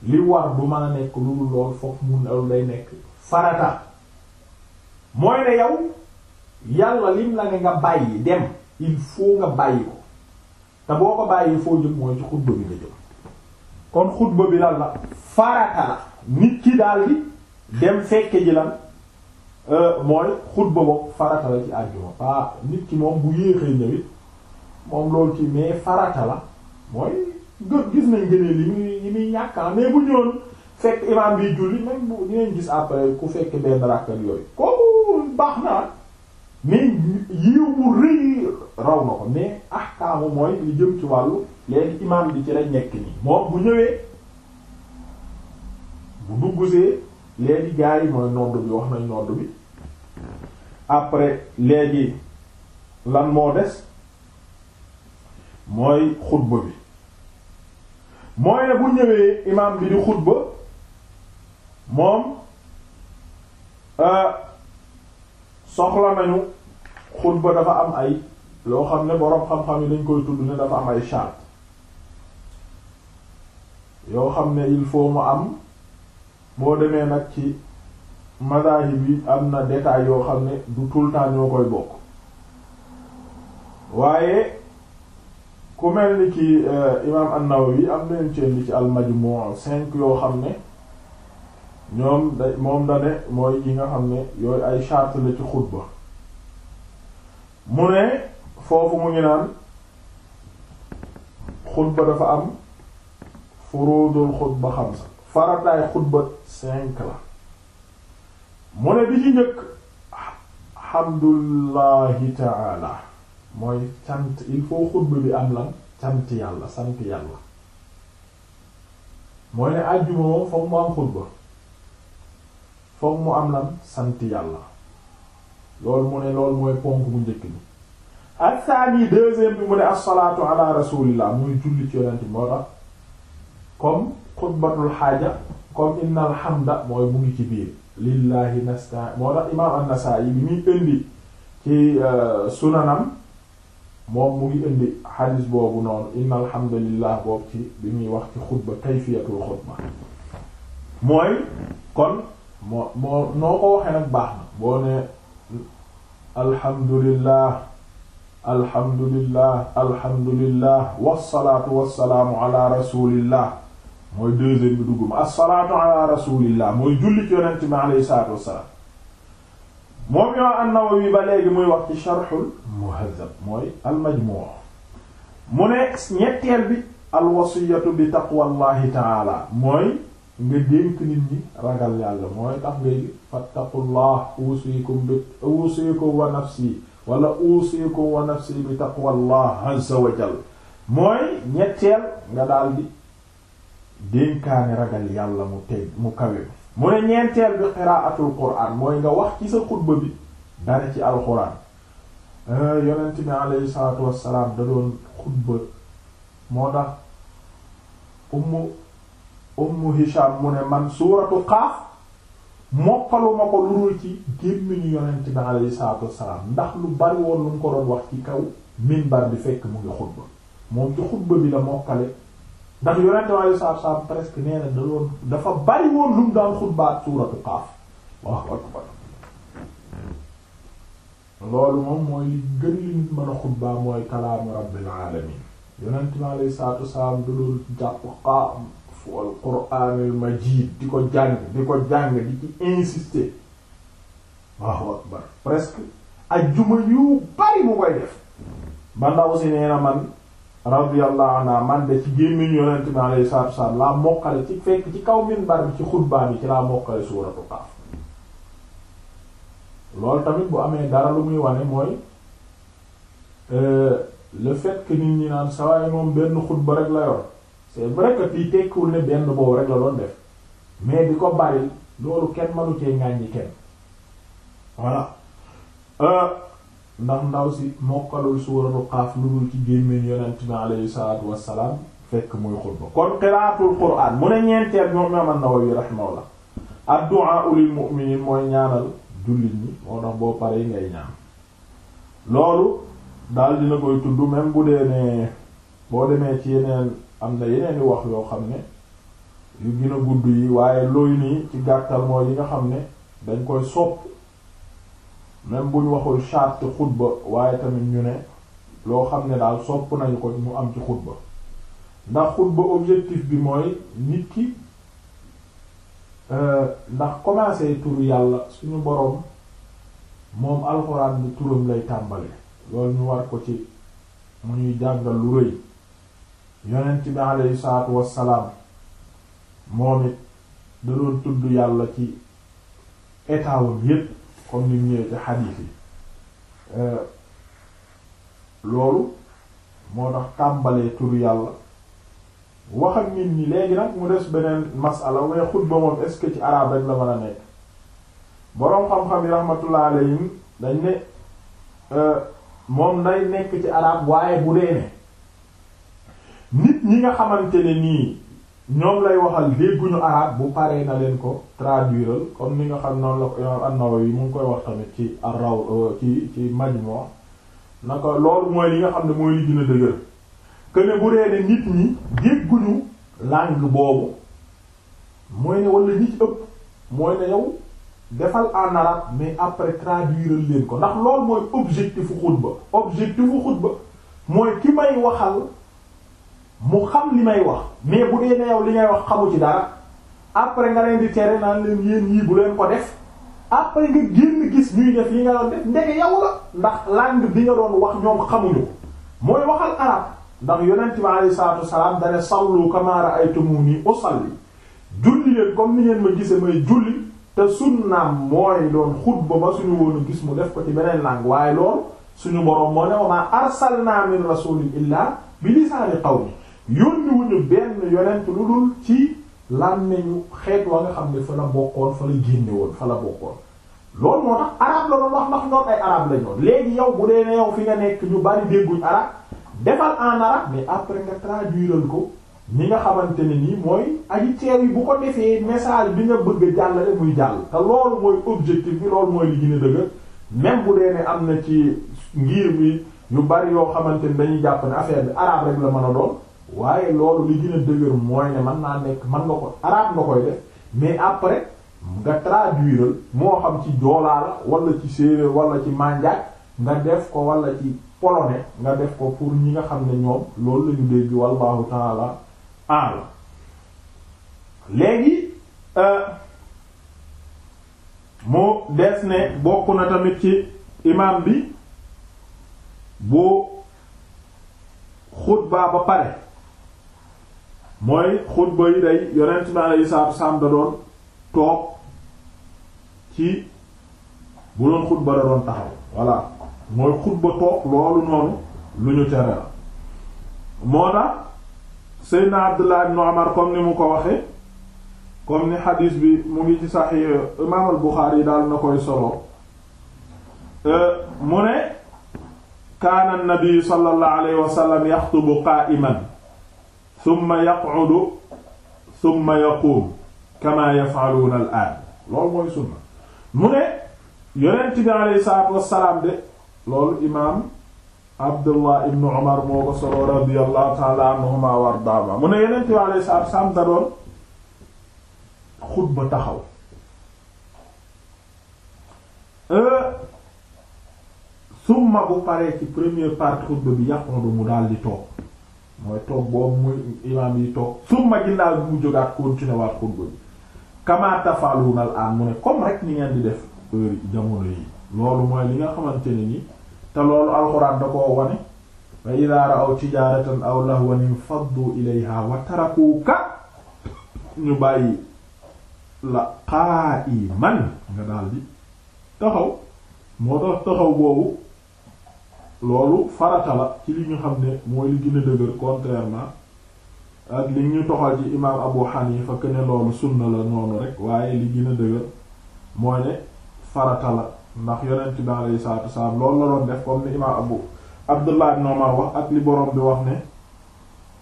li war du mën a nekk lu dul lool foofu mun loolu day nekk farata mooy ne yow yàlla lim la ne nga bàyyi dem il faut nga bàyyi ko te boo ko bàyyi foo jëm mooy ci xutba bi nga jëm kon xutba bi lan la farata la nit ki daal di dem fekke ji lan euh, mooy xutba boobu farata la ci àjjuma pa nit ki moom bu yéexee ñëwit moom loolu ci mais farata la mooy gë gis nañ gënee li muy li muy ñàkkaa ah, mais bu ñëwoon fekk imam bi julli même bu dinañ gis après ku fekk benn ràkkal yooyu kooku baax na mais yiw bu rëy raw na ko mais ahkaamu mooy li jëm ci wàllu léegi imaam bi ci la nekk nii moom bu ñëwee bu duggusee léegi gars yi mooy nodd bi wax nañ nodd bi après léegi lan moo des mooy xutba bi mooy ne bu ñëwee imaam bi di xutba moom ah soxla nañu xutba dafa am ay loo xam ne boroom xam-xam yi dañ koy tudd ne dafa am ay charte yoo xam ne il faut mu am boo demee nag ci madahib yi am na détail yoo xam ne du tout le temps ñoo koy bokk waaye ku mel ni ki euh, imaam an-Nawawi am nañ ci indi ci al-Majmu' cinq yoo xam ne ñoom day moom da ne mooy yi nga xam ne yooyu ay charte la ci xutba mu ne foofu mu ngi naan xutba dafa am furudul xutba xamsa farataay xutba cinq la mu ne bi ci njëkk alhamdulillahi taala mooy cant il faut xutba bi am lan cant yàlla sant yàlla mooy ne àjjuma foofu mu am xutba foog mu am lan sant yàlla loolu mu ne loolu mooy ponk bu njëkk bi ak saani deuxième bi mu ne as-salaatu ala rasulillah muy julli ci yonent moo tax comme xaaja comme inna alhamda mooy mu ngi ci biir lillahi nasta moo tax imam bi muy indi ci euh, sunanam moom mu ngi indi xadis boobu noonu inna alhamdulillah boobu ci bi muy wax ci xutba kayfiyatul xutba mooy kon moo moo noo ko waxee nag baax na boo ne alhamdulillah alhamdulillah alhamdulillah wassalaatu wassalaamu ala rasulillah mooy deuxième bi dugg ma assalaatu ala rasulillah mooy julli ci yonent bi alayhi salaatu wassalaam moom yoo an-Nawawi ba léegi muy wax ci sharhul muhazzab mooy al-majmuu mu ne ñetteel bi al wasiyatu bi taqwallahi taala mooy nga dénk nit ñi ragal yàlla mooy tax ngay fattaqullah uusikum bi uusikum wa nafsi uusikum wa bi taqwallah azza wa mooy ñetteel nga daal di ragal yàlla mu teg mu kawe mu ne ñeenteel bi qiraatul quraan mooy nga wax ci sa xutba bi dara ci alxuraan eh, yonent bi alayhi salaatu da doon xutba moo tax ummu ummu hisham mu ne man suuratu xaaf mokkaluma ko lu ci gémmiñu yonent bi alayhi salaatu wassalaam ndax lu bari woon lu mu ko doon wax ci kaw minbar bi fekk mu ngi xutba moom ci xutba bi la mokkale ndax yonent bi alayhi salaatu wassalaam presque nee na dafa bari woon lu mu daan xutbaat suuratu xaaf loolu moom mooy gën li mën a xutbaa mooy kalaamu rabbil alamin yonent bi alayhi salaatu wassalaam da doon jàpp xaam wal quraanil majid di ko jàng di ko jàng yu bari mu koy def ba ndaw si na man radiyallahu anha man de ci gémmiñ yonent bi alayhi salaatu wassalaam laa mokkale ci fekk ci kaw minbar bi ci xutbaa bi ci laa mokkale suuratu Qaaf loolu tamit bu amee dara lu muy wane mooy euh, le fait nit ñi naan sawaay moom benn xutba rek la yor c'est vrai que fii tekkiwul ne benn boobu rek la doon def mais di ko bari loolu kenn manu cee ŋàññi kenn voilà euh, ndax ndaw si mokkalul suuratul Qaaf lu dul ci gémmiñ yonent bi alayhi salaatu wassalaam fekk muy xutba kon qiraatul quraan mu ne ñeenteel ñoom Imaam an-Nawawi rahimahullah ad-du'aa lil mu'miniin mooy ñaanal jullit ñi moo tax boo paree ngay ñaan loolu daal dina koy tudd même bu dee ne boo demee ci yeneen am na yeneen i wax yoo xam ne yu gën a gudd yi waaye looy nii ci gàttal mooy yi nga xam ne dañ koy sopp même buñ waxul charte xutba waaye tamit ñu ne loo xam ne daal sopp nañu ko mu am ci xutba ndax xutba objectif bi mooy nit ki euh, ndax commencé turu yàlla suñu boroom moom alxuraan bi turam lay tàmbale loolu ñu war ko ci mu ñuy jàngal lu rëy yonent bi aleyhi salaatu wassalaam moom it da tudd yàlla ci état wam yépp comme ni ñëwee ci xadiis yi euh, loolu moo tax tàmbalee turu yàlla wax nit ñi léegi nag mu des beneen masala waaye xutba moom est ci araab rek la mën a nekk boroom xam-xam yi rahmatullah alayhim dañ ne euh, moom day nekk ci araab waaye bu dee ne nit ñi nga xamante ne nii ñoom lay waxal dégguñu arab bu paree na leen ko traduiral comme ni nga xam noonu la ko imaam an mu ngi koy wax tamit ci ar-Raw euh, ci ci Majmu' ko loolu mooy li nga xam ne mooy li gën dëgër que bu dee ne nit ñi dégguñu langue boobu mooy ne wala ñi ëpp mooy ne yow defal en mais après traduiral leen ko ndax loolu mooy objectifu xutba objectifu xutba mooy ki may waxal. mu xam li may wax mais bu dee ne yow li ngay wax xamu ci dara après nga leen di tere naan leen yéen yii bu leen ko def après nga génn gis ñuy def yi nga doon def ndege yow la ndax langue bi nga doon wax ñoom xamuñu ko mooy waxal arab ndax yonent bi alayhi salaatu wasalaam dane sallu kamaa ra'aytumuni usalli julli leen comme ni ngeen ma gise may julli te sunnaam mooy doon xutba ba suñu woon gis mu def ko ci beneen langue waaye loolu suñu boroom moo ne wa maa arsalnaa min yónni wuñu benn yonent lu dul ci làmmiñu xeet wa nga xam ne fa la bokkoon fa la génne woon fa la bokkoon loolu moo tax arab la doon wax ndax ñoom ay arab la ñoon léegi yow bu dee ne yow fi nga nekk ñu bari dégguñ arab defal en arabe mais après nga traduiral ko ñi nga xamante ne nii mooy aji teew yi bu ko defee message bi nga bëgg jàllale muy jàll te loolu mooy objectif bi loolu mooy li gën a bu dee ne am na ci ngiir bi ñu bari yoo xamante ni dañuy jàpp ne affaire bi arabe rek la mën a doon waaye loolu li gën a dëgër mooy ne mën naa nekk mën nga ko araab nga koy def mais après nga traduire moo xam ci joolaa la wala ci séeréer wala ci manjaak nga def ko wala ci polonais nga def ko pour ñi nga xam ne ñoom loolu lañu dégg wallahu taala a'lam léegi euh, mu des ne bokk na tamit ci imam bi bu xutba ba pare mooy xutba yi day yonent bi aleyhi salaatu wasalaam da doon toog ci bu doon xutba da doon taxaw voilà mooy xutba toog loolu noonu lu ñu tere la moo tax seydna abdullah ibn umar comme ni mu ko waxe comme ni xadiis bi mu ngi ci saxiix imaam al yi daal na koy solo euh, mu ne kaana nabi sallallahu alayhi wa sallam yaxtubu qaa'iman summa yaqudu summa yaquum kama yafaluuna al aan loolu mooy sunna mu ne yonent bi aleyhi salaatu wassalaam de loolu imaam abdullah ibnu umar moo ko solo radiallahu taala anhuma wa ardaahuma mu ne yonent bi aleyhi salaatu wassalaam da doon xutba taxaw euh, summa bu paree ci première partie xutba bi yaqudu mu daal di toog mooy toog boobu muy imaam yi toog summa ginnaaw bi mu jógaat continuer waat xutba bi kama tafaluna al an mu ne comme rek ni ngeen di def heure jamono yi loolu mooy li nga xamante ne ni te loolu alxuraan da koo wane fa idaa ra'aw tijaaratan aw lahwan infaddu ilayha wa tarakuuka ñu bàyyi la qaa'iman nga daal di taxaw moo tax taxaw boobu loolu farata la ci li ñu xam ne mooy li gën a dëgër contrairement ak li ñu toxal ci imaam Abu Hanifa que ne loolu sunna la noonu rek waaye li gën a dëgër mooy ne farata la ndax yonent bi alayhi salaatu wasalaam loolu la doon def comme ni imaam Abu Abdullah ibn wax ak li borom bi wax ne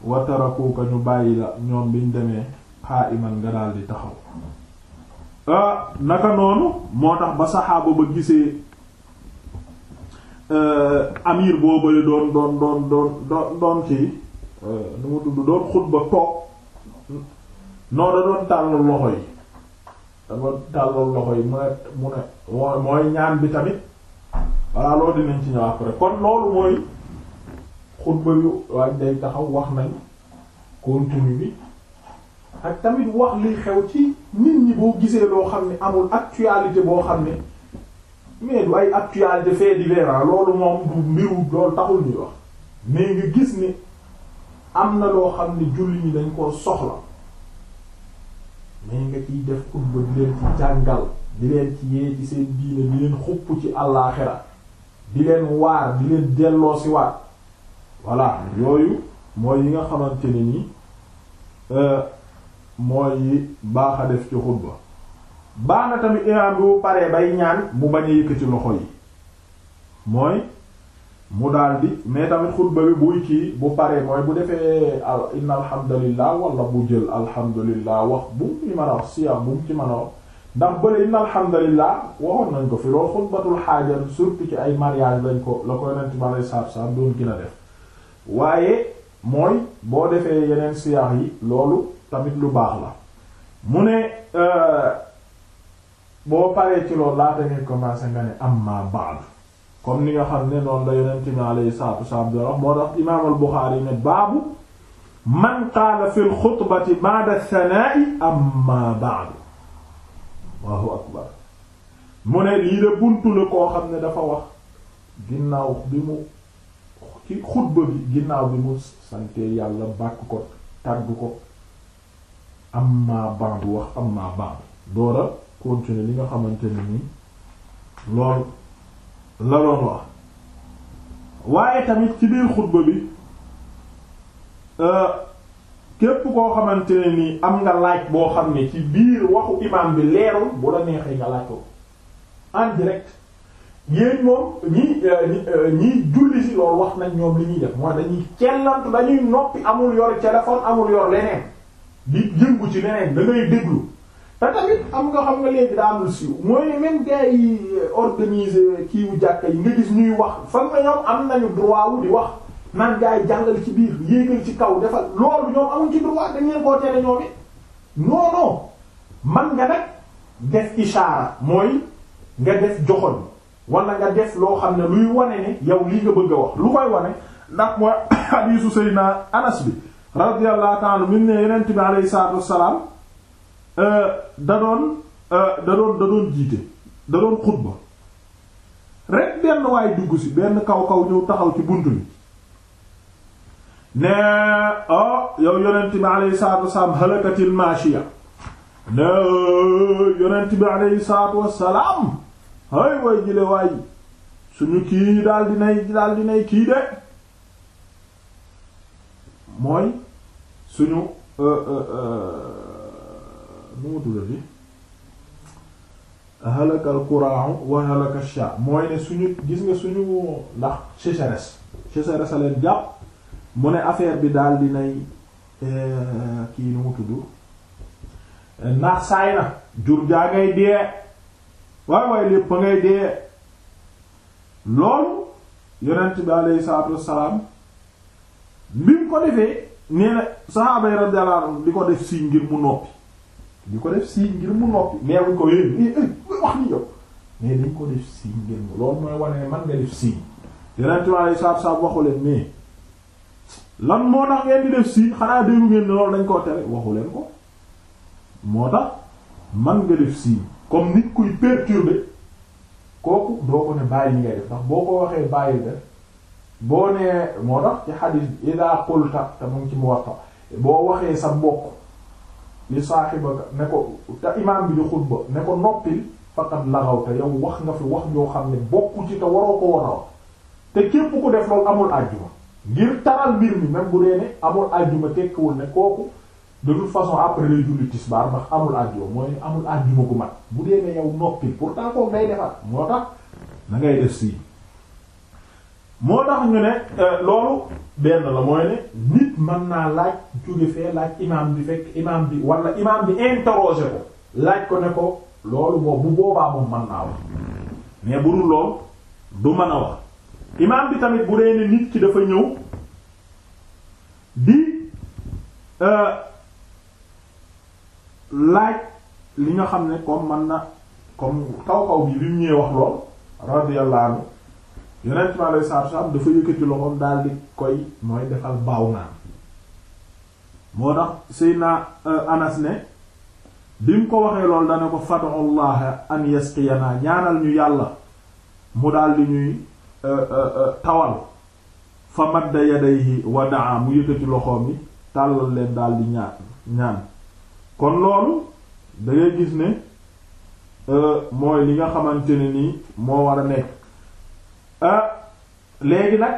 watarakuuka ñu bàyyi la ñoom biñ demee qaa'iman nga daal di taxaw ah, naka noonu moo tax ba saxaaba ba gisee Euh, amir boobale doon doon doon doon doon doon kii nu mu tudd doon xutba toog noo da doon tàllal loxo yi da doon loxo yi mu ne mu ne mooy ñaan bi tamit voilà loolu dinañ ci ñëw après kon loolu mooy xutba yu waaye day taxaw wax nañ continue bi ak tamit wax liy xew ci nit ñi boo gisee loo xam ne amul actualité boo xam ne mais du ay actualité fait divers loolu moom du mbiru loolu taxul ñuy wax mais nga gis ni am na loo xam ne julli ñi dañ koo soxla mais nga ciy def xutba di leen ci jàngal di leen ci yee ci seen diine di leen xupp ci àllaaxira di leen waar di leen delloo si waar voilà yooyu mooy yi nga xamante ne ni euh, mooy yi baax a def ci xutba baax na tamit imaam bi bu paree bay ñaan mu bañ a yëkkati loxo yi mooy mu daldi mais tamit xutba bi buy kii bu paree mooy bu defee inna alhamdulillah wala bu jël alhamdulillah wax bu mu ci mën a wax siyam bu mu ci mën a wax ndax bële inna alhamdulillah waxoon nañ ko fi loo xutbatul xaaja surtout ci ay mariage lañ ko la ko yonent ma lay saab doon gën a def waaye mooy boo defee yeneen siyaax yi loolu tamit lu baax la mu ne euh, boo paree ci loolu laata ngay commencé nga ne amma ba'd comme ni nga xam ne noonu la yonent mi alayhi salaatu wasalaam wax moo tax imaam al ne baabu man qaala fi al-xutbati ba'da as-sanaa'i amma ba'd Allahu akbar mu ne lii de buntu la koo xam ne dafa wax ginnaaw bi mu ci xutba bi ginnaaw bi mu sante yàlla bàkk ko tàgg ko amma ba'd wax amma ba'd doora continuer li nga xamante ne nii loolu la doon wax waaye tamit ci biir xutba bi euh, képp koo xamante ne nii am nga laaj boo xam ne ci biir waxu imaam bi leerul bu la neexee nga laaj ko en direct yéen moom ñi euh, ñi euh, julli si loolu wax nañ ñoom li ñuy def mooy dañuy cellant dañuy noppi amul yor téléphone amul yor leneen di yëngu ci leneen da déglu te tamit am nga xam nga léegi daa amul siiw mooy même gars yi euh, organiser kii wu yi nga gis ñuy wax fan nga ñoom am nañu droit wu di wax naan gars yi jàngal ci biir yéegal ci kaw defal loolu ñoom amuñ ci droit man nga nag def ishaara mooy nga def joxoñ wala nga def loo xam ne luy wane ne yow lii nga bëgg a wax lu koy wane ndax mooy hadiisu Seydina Anas bi radiyallahu ta'ala min ne yonent bi alayhi salaatu wassalaam Euh, euh, da doon da doon jiite da doon xutba rek benn waay dugg si benn kaw kaw ñëw taxaw ci bunt bi ne oh yow yonent bi alayhi salaatu wasalaam halakatil maashiya ne yonent bi alayhi salaatu wasalaam hay way jële waay suñu kii daal dinay daal dinay kii de mooy suñu euh, euh nu mu tuddati halakal qura'u wa halaka sha mooy ne suñu gis nga suñu ndax sécheresse sécheresse a leen jàpp mu ne affaire bi daal dinay euh, kii nu tudd naax na jur jaa ngay dee waay waay lépp a ngay dee loolu yonent bi alayhi salaatu wassalaam bi ko defee nee na saxaaba yi di ko def si ngir mu noppi di ko def signe ngir mu noppi neewuñ ko yooyu eh, eh, eh, wax ni yow mais dañ ko def signe ngir mu loolu mooy wane man nga def signe yeneen tubaab yi saab-saab waxu leen lan moo na ngeen di def signe xanaa déglu ngeen ne loolu dañ koo tere waxu leen ko moo tax man nga def signe comme nit kuy perturber kooku doo ko ne bàyyi ngay def ndax boo ko waxee bàyyi def boo nee moo tax ci xadis ida qulta te mu ngi ci mu waxta boo waxee sa mbokk li saaxibaka ne ko te imaam bi di xutba ne ko noppil faqat laxaw te yow wax nga fi wax ñoo xam ne bokku ci te waroo ko war te képp ku def loolu amul àjjuma ngir taral mbir mi même bu dee ne amul àjjuma tekkiwul ne kooku de toute façon après lay julli tisbaar ndax amul àjjuma mooy amul àjjuma gu mag bu dee ne yow noppil pourtant kooku day defar moo tax na def si moo tax ñu ne euh, loolu benn la mooy ne nit mën naa laaj jóge fee laaj imaam bi fekk imaam bi wala imaam bi interroger ko laaj ko ne ko loolu boobu bu boobaa moom mën naa wax mais bu dul lool du mën a wax imaam bi tamit bu dee ne nit ki dafa ñëw di euh, laaj li nga xam ne comme mën na comme kaw kaw bi li mu wax lool radiyallahu yonent ma lay saab saab dafa yëkkati loxoom daal di koy mooy defal baaw naan moo tax Seydina euh, Anas ne bi mu ko waxee loolu dana ko fadu allah an yasqiyana ñaanal ñu yàlla mu dal di ñuy euh, euh, tawal fa madda yadayhi wa daa mu yëkkati loxoom yi tàllal leen daal ñaan ñaan kon loolu da gis ne mooy li nga xamante ne nii moo war a nekk Ah, léegi nag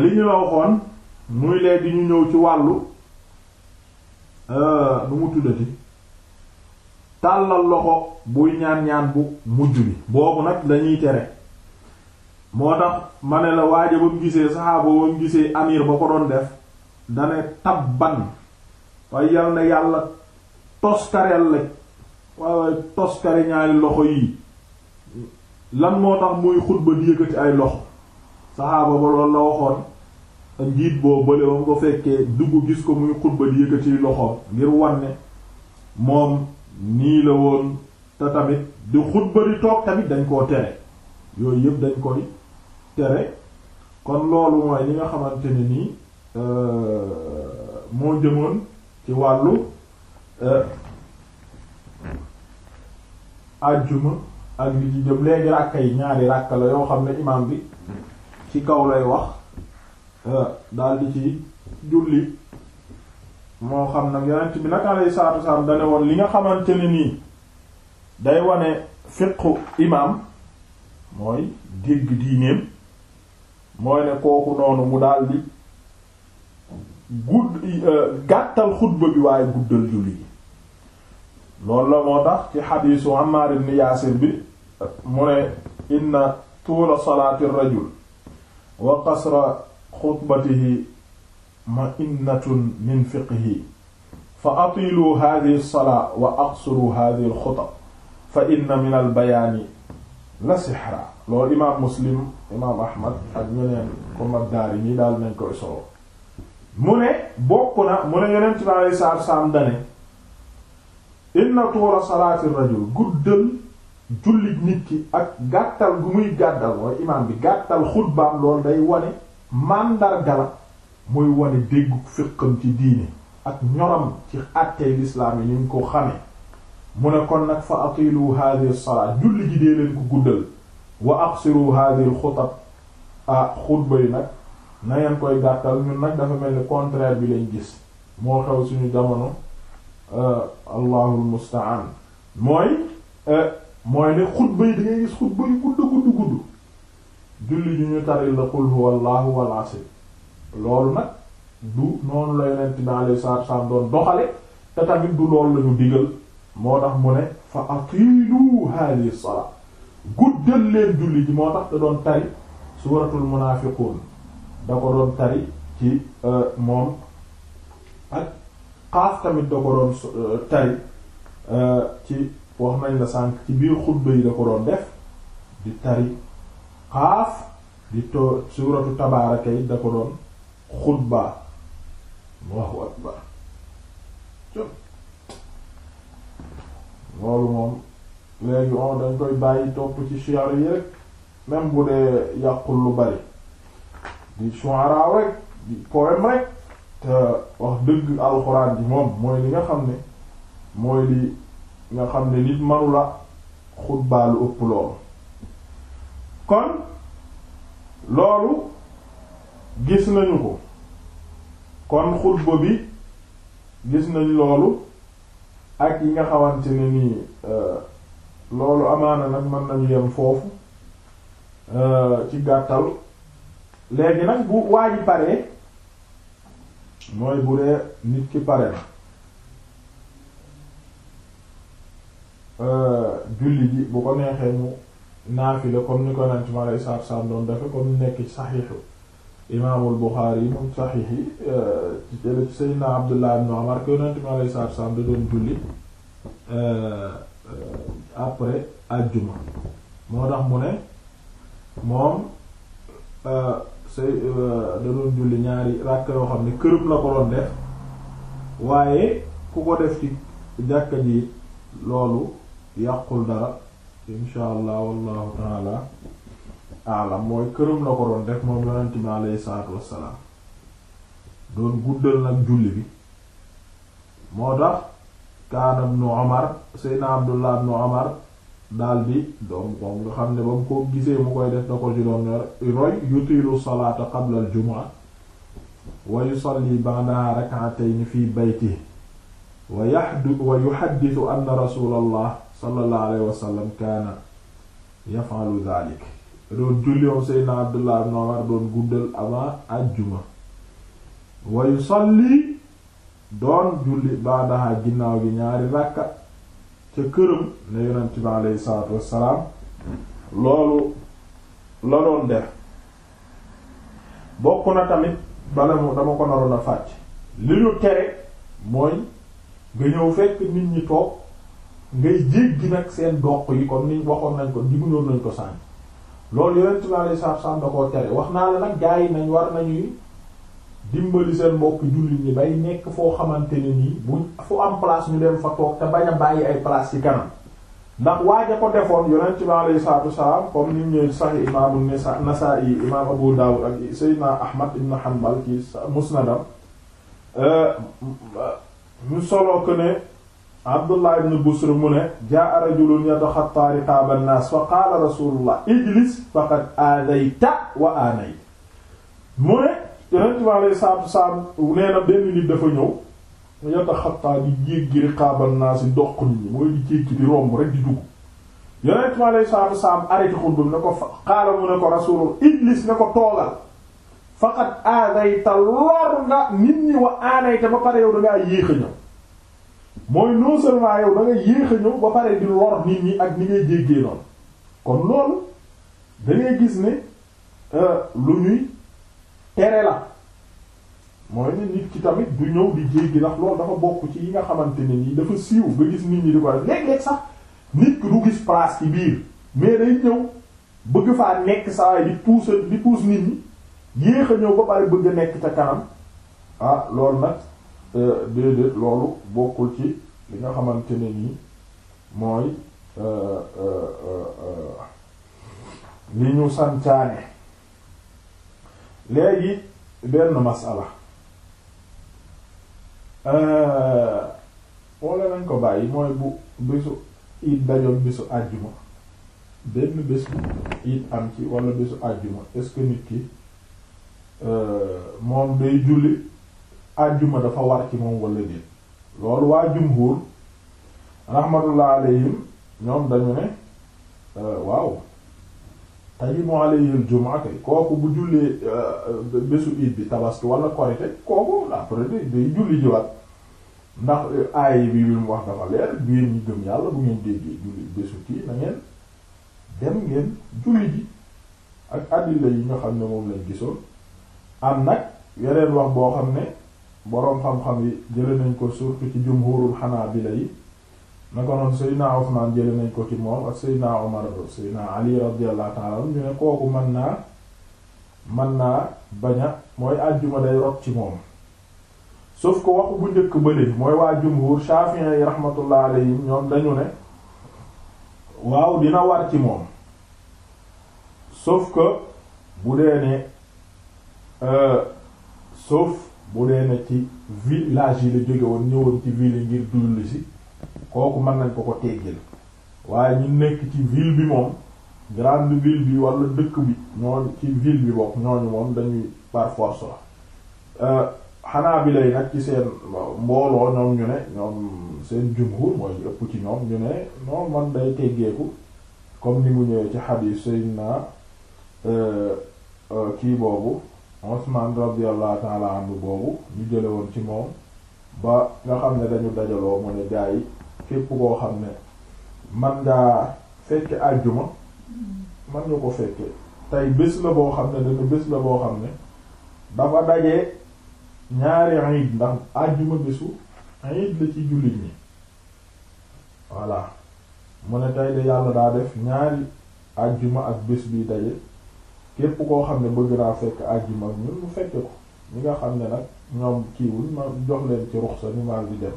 li ñu la waxoon muy léegi ñu ñëw ci wàllu euh, nu mu tuddati tàllal loxo buy ñaan ñaan bu mujj bi boobu nag lañuy tere moo tax ma ne la waaja ba gisee saxaaba ba gisee amir ba ko doon def dane tabban waaye yal na yàlla toskareel la waaye toskare ñaari loxo yii lan moo tax muy xutba di yëkkati ay loxo saxaaba ba loolu la waxoon njiit boo bële ba mu ko fekkee dugg gis ko muy xutba di yëkkati ngir wanne moom nii la woon te tamit di xutba di toog tamit dañ koo tere yooyu yëpp dañ koy tere kon loolu mooy li nga xamante ne nii euh, moo jëmoon ci wàllu euh, àjjuma ak lii ci jëm léegi ràkka yi ñaari ràkka la yoo xam ne imaam bi ci kaw lay wax euh, daldi ci julli moo xam nag yonent bi nag alayhi salaatu wasalaam dane woon li nga xamante ne nii day wane fiqu imaam mooy dégg diineem mooy ne kooku noonu mu daal di gudd euh, gàttal xutba bi waaye guddal julli loolu la moo tax ci xadiisu Ammaar ibn Yaasir bi mu ne inna tuula salaati rajul wa qasra xutbatihi ma'innatun min fiqhi fa atilu hadhihi as-salaa wa aqsiru hadhihi al-xutab fa inna min al-bayaani la sihra loolu imaam muslim imaam ahmad ak ñeneen comme ak daar yi ñii daal nañ koy solo mu ne bokk na mu ne yonent bi alayhi salaatu wa salaam dane inna tuula salaati rajul guddal jullit nit ki ak gàttal gu muy gàddal mooy imaam bi gàttal xutbaam loolu day wane màndarga la muy wane déggu fiqam ci diine ak ñoram ci àttee lislaam yi ni ñu ko xamee mu ne kon nag fa atilu hadhihi as-salat julli dee leen ko guddal wa aqsiru hadhihi al ah xutba yi nag na ngeen koy gàttal ñun nag dafa mel ni contraire bi lañ gis moo xew suñu jamono euh, allahul musta'an mooy euh, mooy ne xutba yi da gis xutba yu gudd gudd gudd julli ñu ñu tari la qul huwallahu walasi loolu nag du noonu la yonent bi alayhi salaatu salaam doxale te tamit du loolu lañu digal moo tax mu ne fa atilu hadhihi salaa guddal leen julli ji moo tax te doon tari suuratul munaafiquun da ko doon tari ci euh, moom ak xaaf tamit da ko doon euh, tari euh, ci wax nañ la sànq ci biir xutba yi da ko doon def di tari xaaf di to suuratu tabaaraka yi da ko doon xutba loolu moom léegi on dañ koy bàyyi topp ci shi'ar yi rek même bu dee yàqul lu bari di shu'ara rek di poème rek te wax dëgg alxuraan bi moom mooy li nga xam ni mooy li nga xam ne nit manula xutbaa lu ëpp loolu kon loolu gis nañu ko kon xutba bi gis nañ loolu ak yi nga xamante ne nii euh, loolu amaana nag mën nañu yem foofu euh, ci gàttal léegi nag bu waa ji paree mooy bu dee nit ki pare na Euh, julli ji bu ko neexee mu naafila comme ni ko nant ma lay saab saab doon dafa comme nekk ci saxiixu imaamul Buxaari yi moom saxiix yi euh, ci jële ci Seydina Abdullah ko nant ma lay saab saab da doon julli euh, après ajjuma moo tax mu ne moom say da doon julli ñaari ràkk yoo xam ne kërum la ko doon def waaye ku ko def ci jàkka ji loolu yàqul dara insha allah wallahu taala alam mooy këram la ko doon def moom yonent bi alayhi salaatu wassalaam doon guddal nag julli bi moo tax kaana ibnu Umar Seydina Abdullah ibnu Umar daldi doom moom nga xam ne ba mu ko gisee mu koy def da ko ci doon roy yutiilu salaata qabla al jumaa wa yusalli ba'daha rak'atayn fi baytihi wa yahdu wa yuhaddithu anna rasulallah sallallahu alayhi wa sallam kaana yaf'alu dhalik doon julli moom seydna abdullah ibn umar doon guddal avant ajjuma wa yusalli doon julli baadaha ginnaaw gi ñaari ràkka ca këram ne yonent bi alayhi salaatu wassalaam loolu la doon def bokk na tamit bala mu dama ko naroon a fàcc li ñu tere mooy nga ñëw fekk nit ñi toog ngay jéggi nag seen doq yi comme ni waxoon nañ ko digguloon nañ ko sànni loolu yonent bi alayhi salaatu salaam da koo tere wax naa la nag gaa yi nañ war nañuy dimbali seen mbokk jullit ñi bay nekk foo xamante ne nii buñ fu am place ñu dem fa toog te bañ a bàyyi ay place ci kanam ndax waaja ko defoon yonent bi alayhi salaatu salaam comme ni ñuy sax imaamu Nasaa'i imaam Abu Dawud ak Seydina Ahmad ibn Hanbal musnadam ñu euh, solo ne abdullah ibn busr mu ne jaa rajulun yataxattaa riqaaba an-naas fa qaala rasulullah ijlis faqad aadayta wa aanayta mu ne yonent bi alayhi salaatu na benn nit dafa ñëw yataxattaa di jéggi riqaaba an-naas doq nit ñi mooy di jéggi di romb rek di dugg yonent bi alayhi salaatu wa ne ko qaala mu ne ko rasulullah ijlis ne ko toogal faqad aadayta lor nga nit ñi wa aanayta ba pare yow dangaa yéex ñëw mooy non seulement yow da nga yéex a ñëw ba pare di lor nit ñi ak ni ngay jéggee lool kon loolu da gis ne euh, lu ñuy tere la mooy ne nit ki tamit du ñëw di jéggi ndax loolu dafa bokk ci yi nga xamante ne nii dafa siiw nga gis nit ñi di ko def sax nit ki du gis place ci biir mais day ñëw bëgg faa nekk saa di pousse di pousse nit ñi yéex a ñëw ba pare bëgg a nekk ca kanam lool ah, loolu nag. déedéet loolu bokkul ci li nga xamante ne nii mooy euh, euh, euh, li ñu santaane léegi benn masala wala nañ ko bàyyi mooy bu bésu it dajoon bésu àjjuma benn bésu it am ci wala bésu àjjuma est-ce moom day julli àjjuma dafa war ci moom wala déet loolu waa jumhur rahmatullah ñoom dañu ne euh, waaw tajibu alayhi al kooku bu jullee euh, bésu iid bi tabaski wala korite kooku après day julli jiwaat ndax euh, aay bi bi mu wax dafa leer biir ñi gëm yàlla bu ngeen déggee julli bésu kii na ngeen dem ngeen julli ji ak addila yi nga xam ne moom lañ gisoon am nag yeneen wax boo xam ne boroom xam-xam yi jële nañ ko surtout ci jumhurul xanaabila yi naka noonu Seydina Usmaan jële nañ ko ci moom ak Seydina Umar Seydina Ali radiyallahu ta'ala ñu ne kooku mën naa mën naa bañ a mooy àjjuma day rot ci moom sauf que waxu bu njëkk bële mooy waa jumhur Shafi'i yi rahmatullah alayhim ñoom dañu ne waaw dina war ci moom sauf que bu dee ne euh, sauf bu dee ne ci village yi la jóge woon ñëwoon ci ville yi ngir dulli si kooku mën nañ ko ko teggil waaye ñu nekk ci ville bi moom grande ville bi wala dëkk bi ñooñu ci ville bi bokk ñooñu moom dañuy par la euh, xanaa bi lay nag ci seen mbooloo ñoom ñu ne ñoom seen jumhur mooy ëpp ci ñoom ñu ne non man day teggeeku comme ni mu ñëwee ci xadiis Seydina euh, euh, kii boobu Usman radiyallahu ta'ala anhu boobu ñu jële woon ci moom ba nga xam ne dañu dajaloo mu ne gaa yi képp boo xam ne man ngaa fekke àjjuma man nga ko fekke tey bés la boo xam ne dañu bés la boo xam ne dafa dajee ñaari iid ndax àjjuma bésu iid la ci jullit ñi voilà mu ne tey de yàlla daa def ñaari àjjuma ak bés bi daje képp koo xam ne bëgg naa fekk àjjuma ak ñun mu fekke ko ñi nga xam ne nag ñoom kiiwuñ ma jox leen ci ruxsa sa maa ngi dem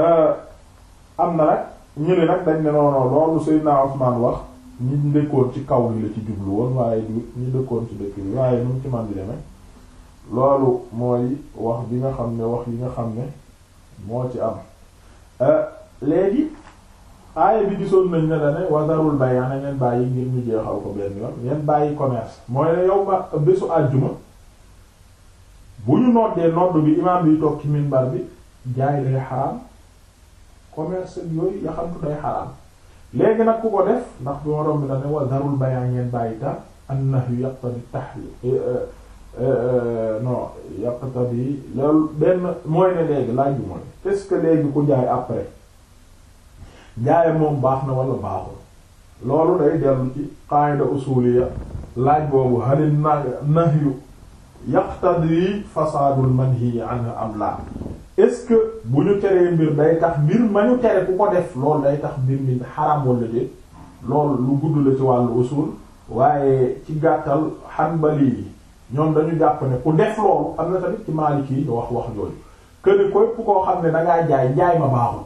euh, am na nag ñu ne nag dañ ne noonu loolu Seydina Usmaan wax ñi dëkkoon ci kaw li la ci jublu woon waaye du ñi dëkkoon ci dëkk bi waaye nu ci man di loolu mooy wax bi nga xam ne wax yi nga xam ne moo ci am euh, léegi aaya bi gisoon nañ ne la ne wazarul bay ngeen bàyyi ngir ñu jeexal ko benn yoon ngeen bàyyi commerce mooy ne yow ba bésu àjjuma bu ñu noddee nodd bi imaam bi toog ci minbar bi jaay lay xaraam commerce yooyu yaxantu day xaraam léegi nag ku ko def ndax bi ma romb la ne wazarul bay ngeen bàyyi ta annahyu yaqtadi tahrim eh, eh, eh, non yaqtadi loolu benn mooy ne léegi laaj mooy est-ce que léegi ku jaay après njaayam moom baax na wala baaxul loolu day dellu ci qaida usuliya laaj boobu halil na yu yaqtadi fasadul manhi anhu am la est-ce que bu ñu teree mbir day tax mbir ma ñu tere ku ko def loolu day tax mbir mi xaram wala déet loolu lu gudd la ci wàllu usul waaye ci gàttal hanbali yi ñoom dañu jàpp ne ku def loolu am na tamit ci maaliki yi wax wax jooju que ni képp koo xam ne da ngaa jaay jaay ma baaxul.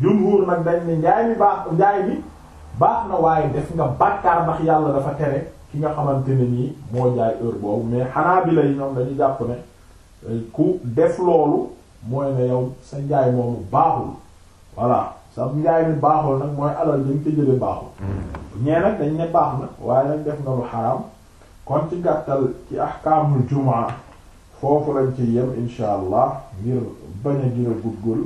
jumhur nag dañ ne njaay mi baax njaay mi baax na waaye def nga bàkkaar ndax yàlla dafa tere ki nga xamante ne nii moo jaay heure boobu mais xanaa bi lay ñoom dañu jàpp ne euh, ku def loolu mooy ne yow sa njaay moomu baaxul voilà sa njaay mi baaxul nag mooy alal dañ ko jële baaxul hmm. ñee nag dañ ne baax na waaye nag def nga lu xaraam kon ci gàttal ci ahkaamul jumaa foofu lañ ci yem insha allah ngir bañ a gën a guddul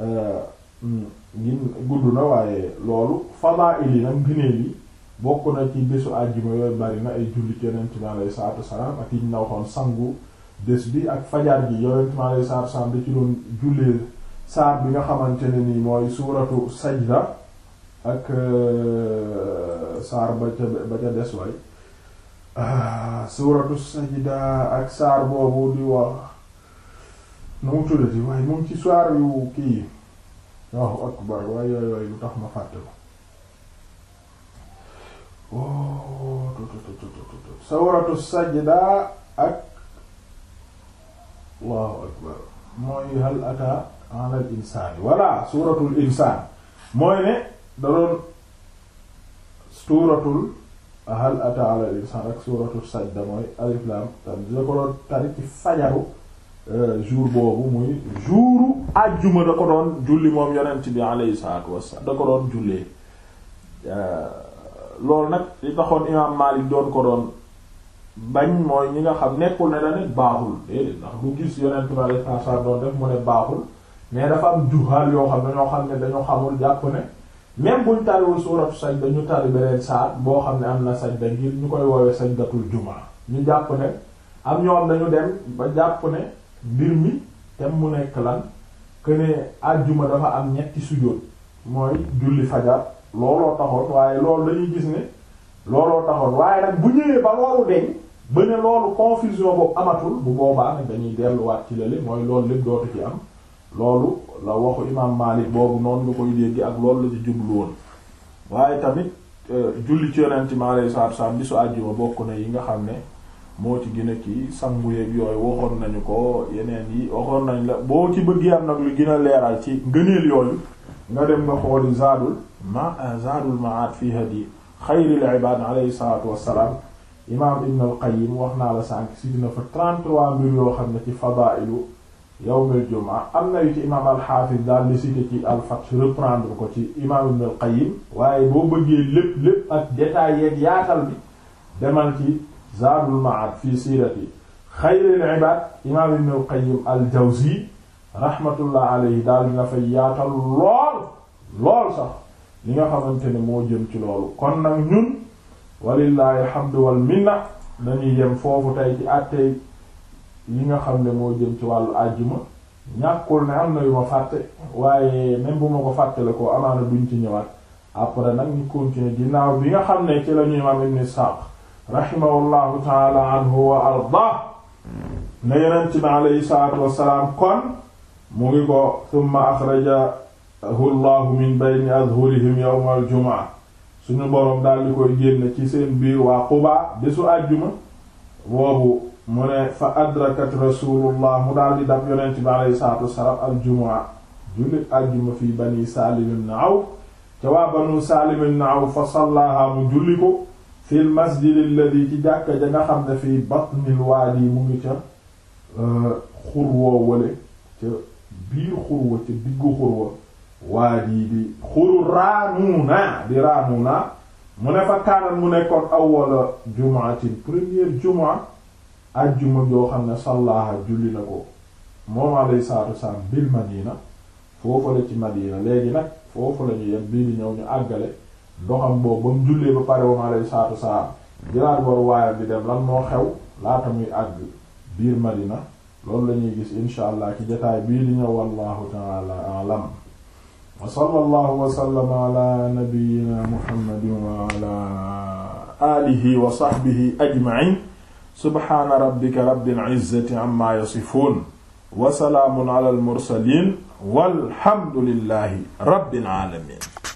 euh, ngin mm, gudd na waaye loolu fadaa'il yi nag gëneel yi bokk na ci bésu àjjuma yooyu bari na ay jullit yonent bi alayhi salaatu wassalaam ak yi ñu waxoon sangu bés bi ak fajar gi yonent bi alayhi salaatu wassalaam bi nga xamante ne nii mooy suuratu sajda ak euh, saar ba ca ba ca des waay ah, suuratu sajda ak saar boobu di wax nu mu tuddati waaye moom ci saar yu kii waaw akbar waaye yooyu yooyu lu tax ma fàtte ko oh sawratu sajda ak allahu akbar mooy hal ata ala al insaan walla suuratul insaan mooy ne da doon suuratul hal ata ala al insaan ak suuratul sajda mooy alif lam tam da ko doon tari ci fajaru Euh, jour boobu muy jouru àjjuma da ko doon julli moom yonent bi alayhi salaatu wasalaam da ko doon jullee euh, loolu nag li taxoon imaam Maalik doon ko doon bañ mooy ñi nga xam nekkul ne dañu baaxul déedéet ndax du gis yonent bi alayhi salaatu wasalaam doon def mu ne baaxul mais dafa am juhaal yoo xam dañoo xam ne dañoo xamul jàpp ne même buñ tariwul suuratu sajda ñu tari beneen saar boo xam ne am na sajda ngir ñu koy woowee sajdatul jumaa ñu jàpp ne am ñoom dañu dem ba jàpp ne mbir mi tem mu nekk lan que ne àjjuma dafa am ñetti sujjóot mooy julli fajar looloo taxoon waaye loolu dañuy gis ne looloo taxoon waaye nag bu ñëwee ba loolu deñ ba ne loolu confusion boobu amatul bu boobaa dañuy delluwaat ci lële mooy loolu lépp dootu ci am loolu la waxu imaam Maalik boobu noonu nga koy dégg ak loolu la ci jublu woon waaye tamit euh, julli ci yonent mi alayhi bi su àjjuma bokk na yi nga xam ne moo ci gën a kii sangu yeeg yooyu waxoon nañu ko yeneen yi waxoon nañ la boo ci bëgg am nag lu gën a leeral ci ngëneel yooyu nga dem nga xooli zaadul ma zaadul fii fi hadi xayril ibaad alayhi salaatu wassalaam imaam ibn al qayyim wax naa la sànq si dina fa 33 mbir yoo xam ne ci fadailu yawmil jumaa am na yu ci imaam alxaafis daal di cité ci alfath reprendre ko ci imaam ibn al qayyim waaye boo bëggee lépp lépp ak détail yeeg yaatal bi Zaadul Ma'aad fi siirati xayril ibaad imaam Ibn al-Qayyim al-Jawzi rahmatullah alayhi daal dina fay yaatal lool lool sax li nga xamante ne moo jëm ci loolu kon nag ñun walillahi alhamdu wal minna dañuy yem foofu tey ci àttee yi nga xam ne moo jëm ci wàllu àjjuma ñàkkul ne am na yu ma fàtte waaye même bu ma ko fàttale ko amaana duñ ci ñëwaat après nag ñu continuer ginnaaw bi nga xam ne ci la ñuy ibn Sa'd rahimahullahu taala anhu wa arda na yonent bi aleyhi salaatu wassalaam kon mu ngi ko thumma axrajahu llahu min bayni adhurihim yawma aljumaa suñu boroom daal di koy génn ci seen biir waa Quba bésu àjjuma boobu mu ne fa adrakat rasulullah mu daal di dab yonent bi aleyhi salaatu wassalaam aljumaa jullit àjjuma fii bani Saalim ibn Awf ca waa banu Saalim ibn Awf fa sallaha mu julli ko fil masjid alladhi ci jàkka ja nga xam ne fii batnil waadi mu ngi ca euh, xurwoo wale ca biir xurwa ca diggu xurwa waadi di xuru raanuuna di raanuuna mu ne fa kaanal mu nekkoon awwala jumaatin première jumaa ajjuma yoo xam ne sallaaha julli na ko moom alayhi salaatu wasalaam bil madina foofu la ci madina léegi nag foofu la yem bii ñëw ñu àggale doxam boobu ba mu jullee ba pare wam alayhi salaatu wasalaam jëlaat war waayam bi dem lan moo xew laata muy àgg biir Madina loolu la ñuy gis insha allah ci jotaay bii di ñëw wallahu ta'ala a'lam wa sallallahu wa sallama ala nabiyyina muhammadin wa ala alihi wa sahbihi ajma'in subhana rabbika rabbil izzati amma yasifun wa salaamun ala al mursalin walhamdulillahi rabbil alamin